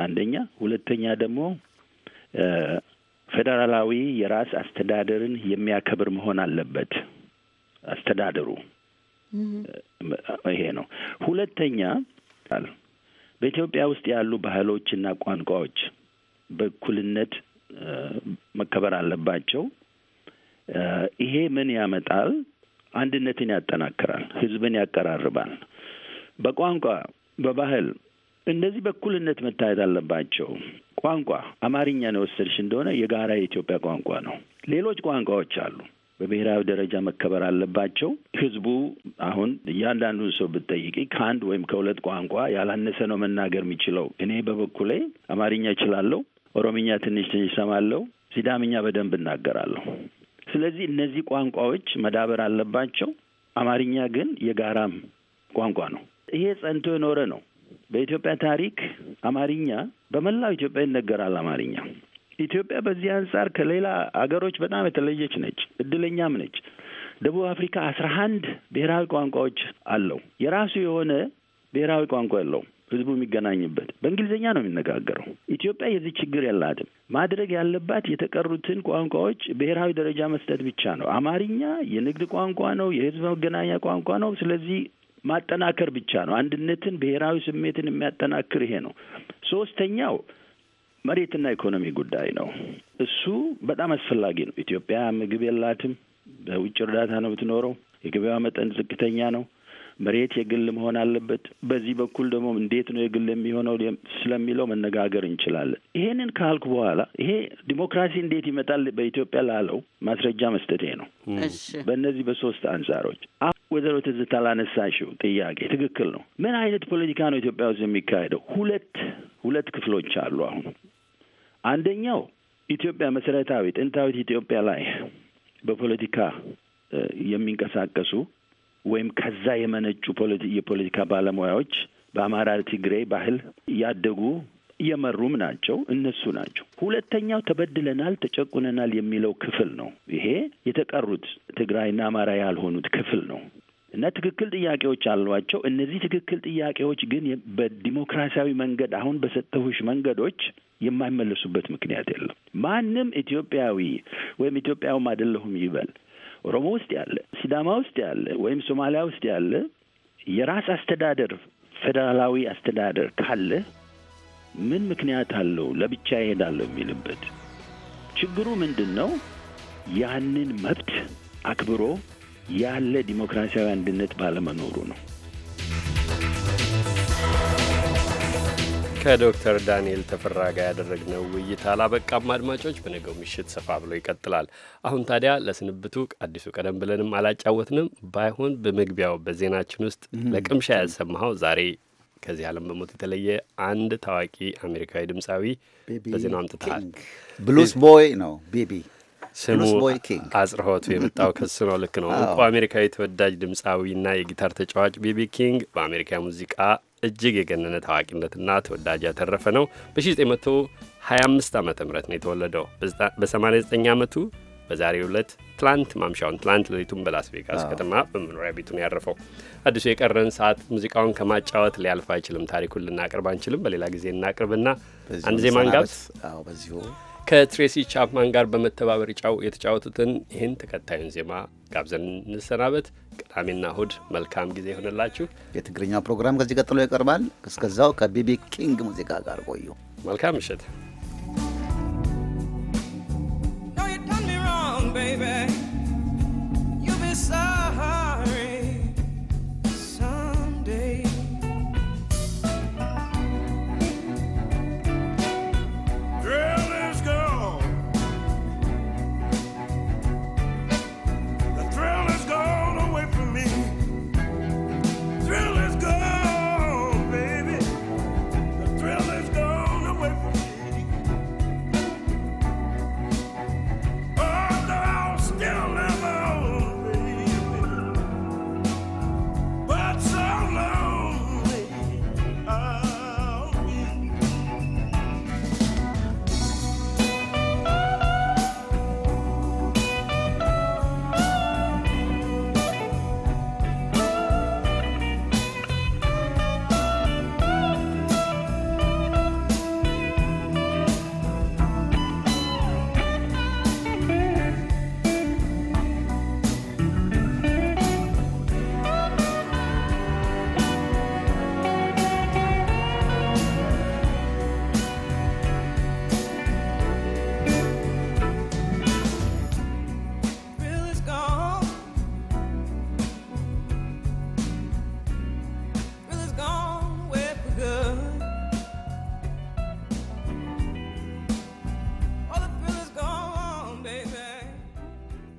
አንደኛ፣ ሁለተኛ ደግሞ ፌዴራላዊ የራስ አስተዳደርን የሚያከብር መሆን አለበት አስተዳደሩ። ይሄ ነው ሁለተኛ በኢትዮጵያ ውስጥ ያሉ ባህሎችና ቋንቋዎች በእኩልነት መከበር አለባቸው። ይሄ ምን ያመጣል? አንድነትን ያጠናክራል፣ ህዝብን ያቀራርባል። በቋንቋ በባህል እነዚህ በእኩልነት መታየት አለባቸው። ቋንቋ አማርኛን የወሰድሽ እንደሆነ የጋራ የኢትዮጵያ ቋንቋ ነው። ሌሎች ቋንቋዎች አሉ። በብሔራዊ ደረጃ መከበር አለባቸው። ህዝቡ አሁን እያንዳንዱን ሰው ብትጠይቂ ከአንድ ወይም ከሁለት ቋንቋ ያላነሰ ነው መናገር የሚችለው። እኔ በበኩሌ አማርኛ እችላለሁ፣ ኦሮምኛ ትንሽ ትንሽ ሰማለሁ ሲዳምኛ በደንብ እናገራለሁ። ስለዚህ እነዚህ ቋንቋዎች መዳበር አለባቸው። አማርኛ ግን የጋራም ቋንቋ ነው። ይሄ ጸንቶ የኖረ ነው። በኢትዮጵያ ታሪክ አማርኛ በመላው ኢትዮጵያ ይነገራል። አማርኛ ኢትዮጵያ በዚህ አንጻር ከሌላ አገሮች በጣም የተለየች ነች፣ እድለኛም ነች። ደቡብ አፍሪካ አስራ አንድ ብሔራዊ ቋንቋዎች አለው። የራሱ የሆነ ብሔራዊ ቋንቋ ያለው ህዝቡ የሚገናኝበት በእንግሊዝኛ ነው የሚነጋገረው። ኢትዮጵያ የዚህ ችግር የላትም። ማድረግ ያለባት የተቀሩትን ቋንቋዎች ብሔራዊ ደረጃ መስጠት ብቻ ነው። አማርኛ የንግድ ቋንቋ ነው፣ የህዝብ መገናኛ ቋንቋ ነው። ስለዚህ ማጠናከር ብቻ ነው። አንድነትን፣ ብሔራዊ ስሜትን የሚያጠናክር ይሄ ነው። ሶስተኛው መሬትና ኢኮኖሚ ጉዳይ ነው። እሱ በጣም አስፈላጊ ነው። ኢትዮጵያ ምግብ የላትም። በውጭ እርዳታ ነው የምትኖረው። የገበያ መጠን ዝቅተኛ ነው። መሬት የግል መሆን አለበት። በዚህ በኩል ደግሞ እንዴት ነው የግል የሚሆነው ስለሚለው መነጋገር እንችላለን። ይሄንን ካልኩ በኋላ ይሄ ዲሞክራሲ እንዴት ይመጣል በኢትዮጵያ ላለው ማስረጃ መስጠቴ ነው። በእነዚህ በሶስት አንጻሮች ወይዘሮ ትዝታ ላነሳሽው ጥያቄ ትክክል ነው። ምን አይነት ፖለቲካ ነው ኢትዮጵያ ውስጥ የሚካሄደው? ሁለት ሁለት ክፍሎች አሉ አሁን አንደኛው ኢትዮጵያ መሰረታዊ ጥንታዊት ኢትዮጵያ ላይ በፖለቲካ የሚንቀሳቀሱ ወይም ከዛ የመነጩ የፖለቲካ ባለሙያዎች በአማራ፣ ትግሬ ባህል ያደጉ የመሩም ናቸው። እነሱ ናቸው። ሁለተኛው ተበድለናል፣ ተጨቁነናል የሚለው ክፍል ነው። ይሄ የተቀሩት ትግራይና አማራ ያልሆኑት ክፍል ነው እና ትክክል ጥያቄዎች አሏቸው። እነዚህ ትክክል ጥያቄዎች ግን በዲሞክራሲያዊ መንገድ አሁን በሰጠሁሽ መንገዶች የማይመለሱበት ምክንያት የለም። ማንም ኢትዮጵያዊ ወይም ኢትዮጵያውም አይደለሁም ይበል ኦሮሞ ውስጥ ያለ፣ ሲዳማ ውስጥ ያለ ወይም ሶማሊያ ውስጥ ያለ የራስ አስተዳደር ፌዴራላዊ አስተዳደር ካለ ምን ምክንያት አለው ለብቻ ይሄዳለሁ የሚልበት? ችግሩ ምንድን ነው? ያንን መብት አክብሮ ያለ ዲሞክራሲያዊ አንድነት ባለመኖሩ ነው። ከዶክተር ዳንኤል ተፈራ ጋር ያደረግነው ውይይት አላበቃም። አድማጮች በነገው ምሽት ሰፋ ብሎ ይቀጥላል። አሁን ታዲያ ለስንብቱ አዲሱ ቀደም ብለንም አላጫወትንም። ባይሆን በመግቢያው በዜናችን ውስጥ ለቅምሻ ያሰማኸው ዛሬ ከዚህ ዓለም በሞት የተለየ አንድ ታዋቂ አሜሪካዊ ድምፃዊ በዜናው አምጥተሃል። ብሉስ ቦይ ነው ቢቢ ስሙ አጽርሆቱ የመጣው ከሱ ነው። ልክ ነው። እንኳ አሜሪካዊ ተወዳጅ ድምፃዊና የጊታር ተጫዋች ቤቢ ኪንግ በአሜሪካ ሙዚቃ እጅግ የገነነ ታዋቂነትና ተወዳጅ ያተረፈ ነው። በ1925 ዓ ም ነው የተወለደው። በ89 ዓመቱ በዛሬው ዕለት ትላንት ማምሻውን ትላንት ሌሊቱን በላስ ቬጋስ ከተማ በመኖሪያ ቤቱ ነው ያረፈው። አዲሱ የቀረን ሰዓት ሙዚቃውን ከማጫወት ሊያልፍ አይችልም። ታሪኩን ልናቅርብ አንችልም። በሌላ ጊዜ እናቅርብና አንድ ዜማ እንጋብዝ። ከትሬሲ ቻፕማን ጋር በመተባበር የተጫወቱትን ይህን ተከታዩን ዜማ ጋብዘን እንሰናበት። ቅዳሜና እሁድ መልካም ጊዜ ይሆንላችሁ። የትግርኛ ፕሮግራም ከዚህ ቀጥሎ ይቀርባል። እስከዛው ከቢቢ ኪንግ ሙዚቃ ጋር ቆዩ። መልካም ምሽት።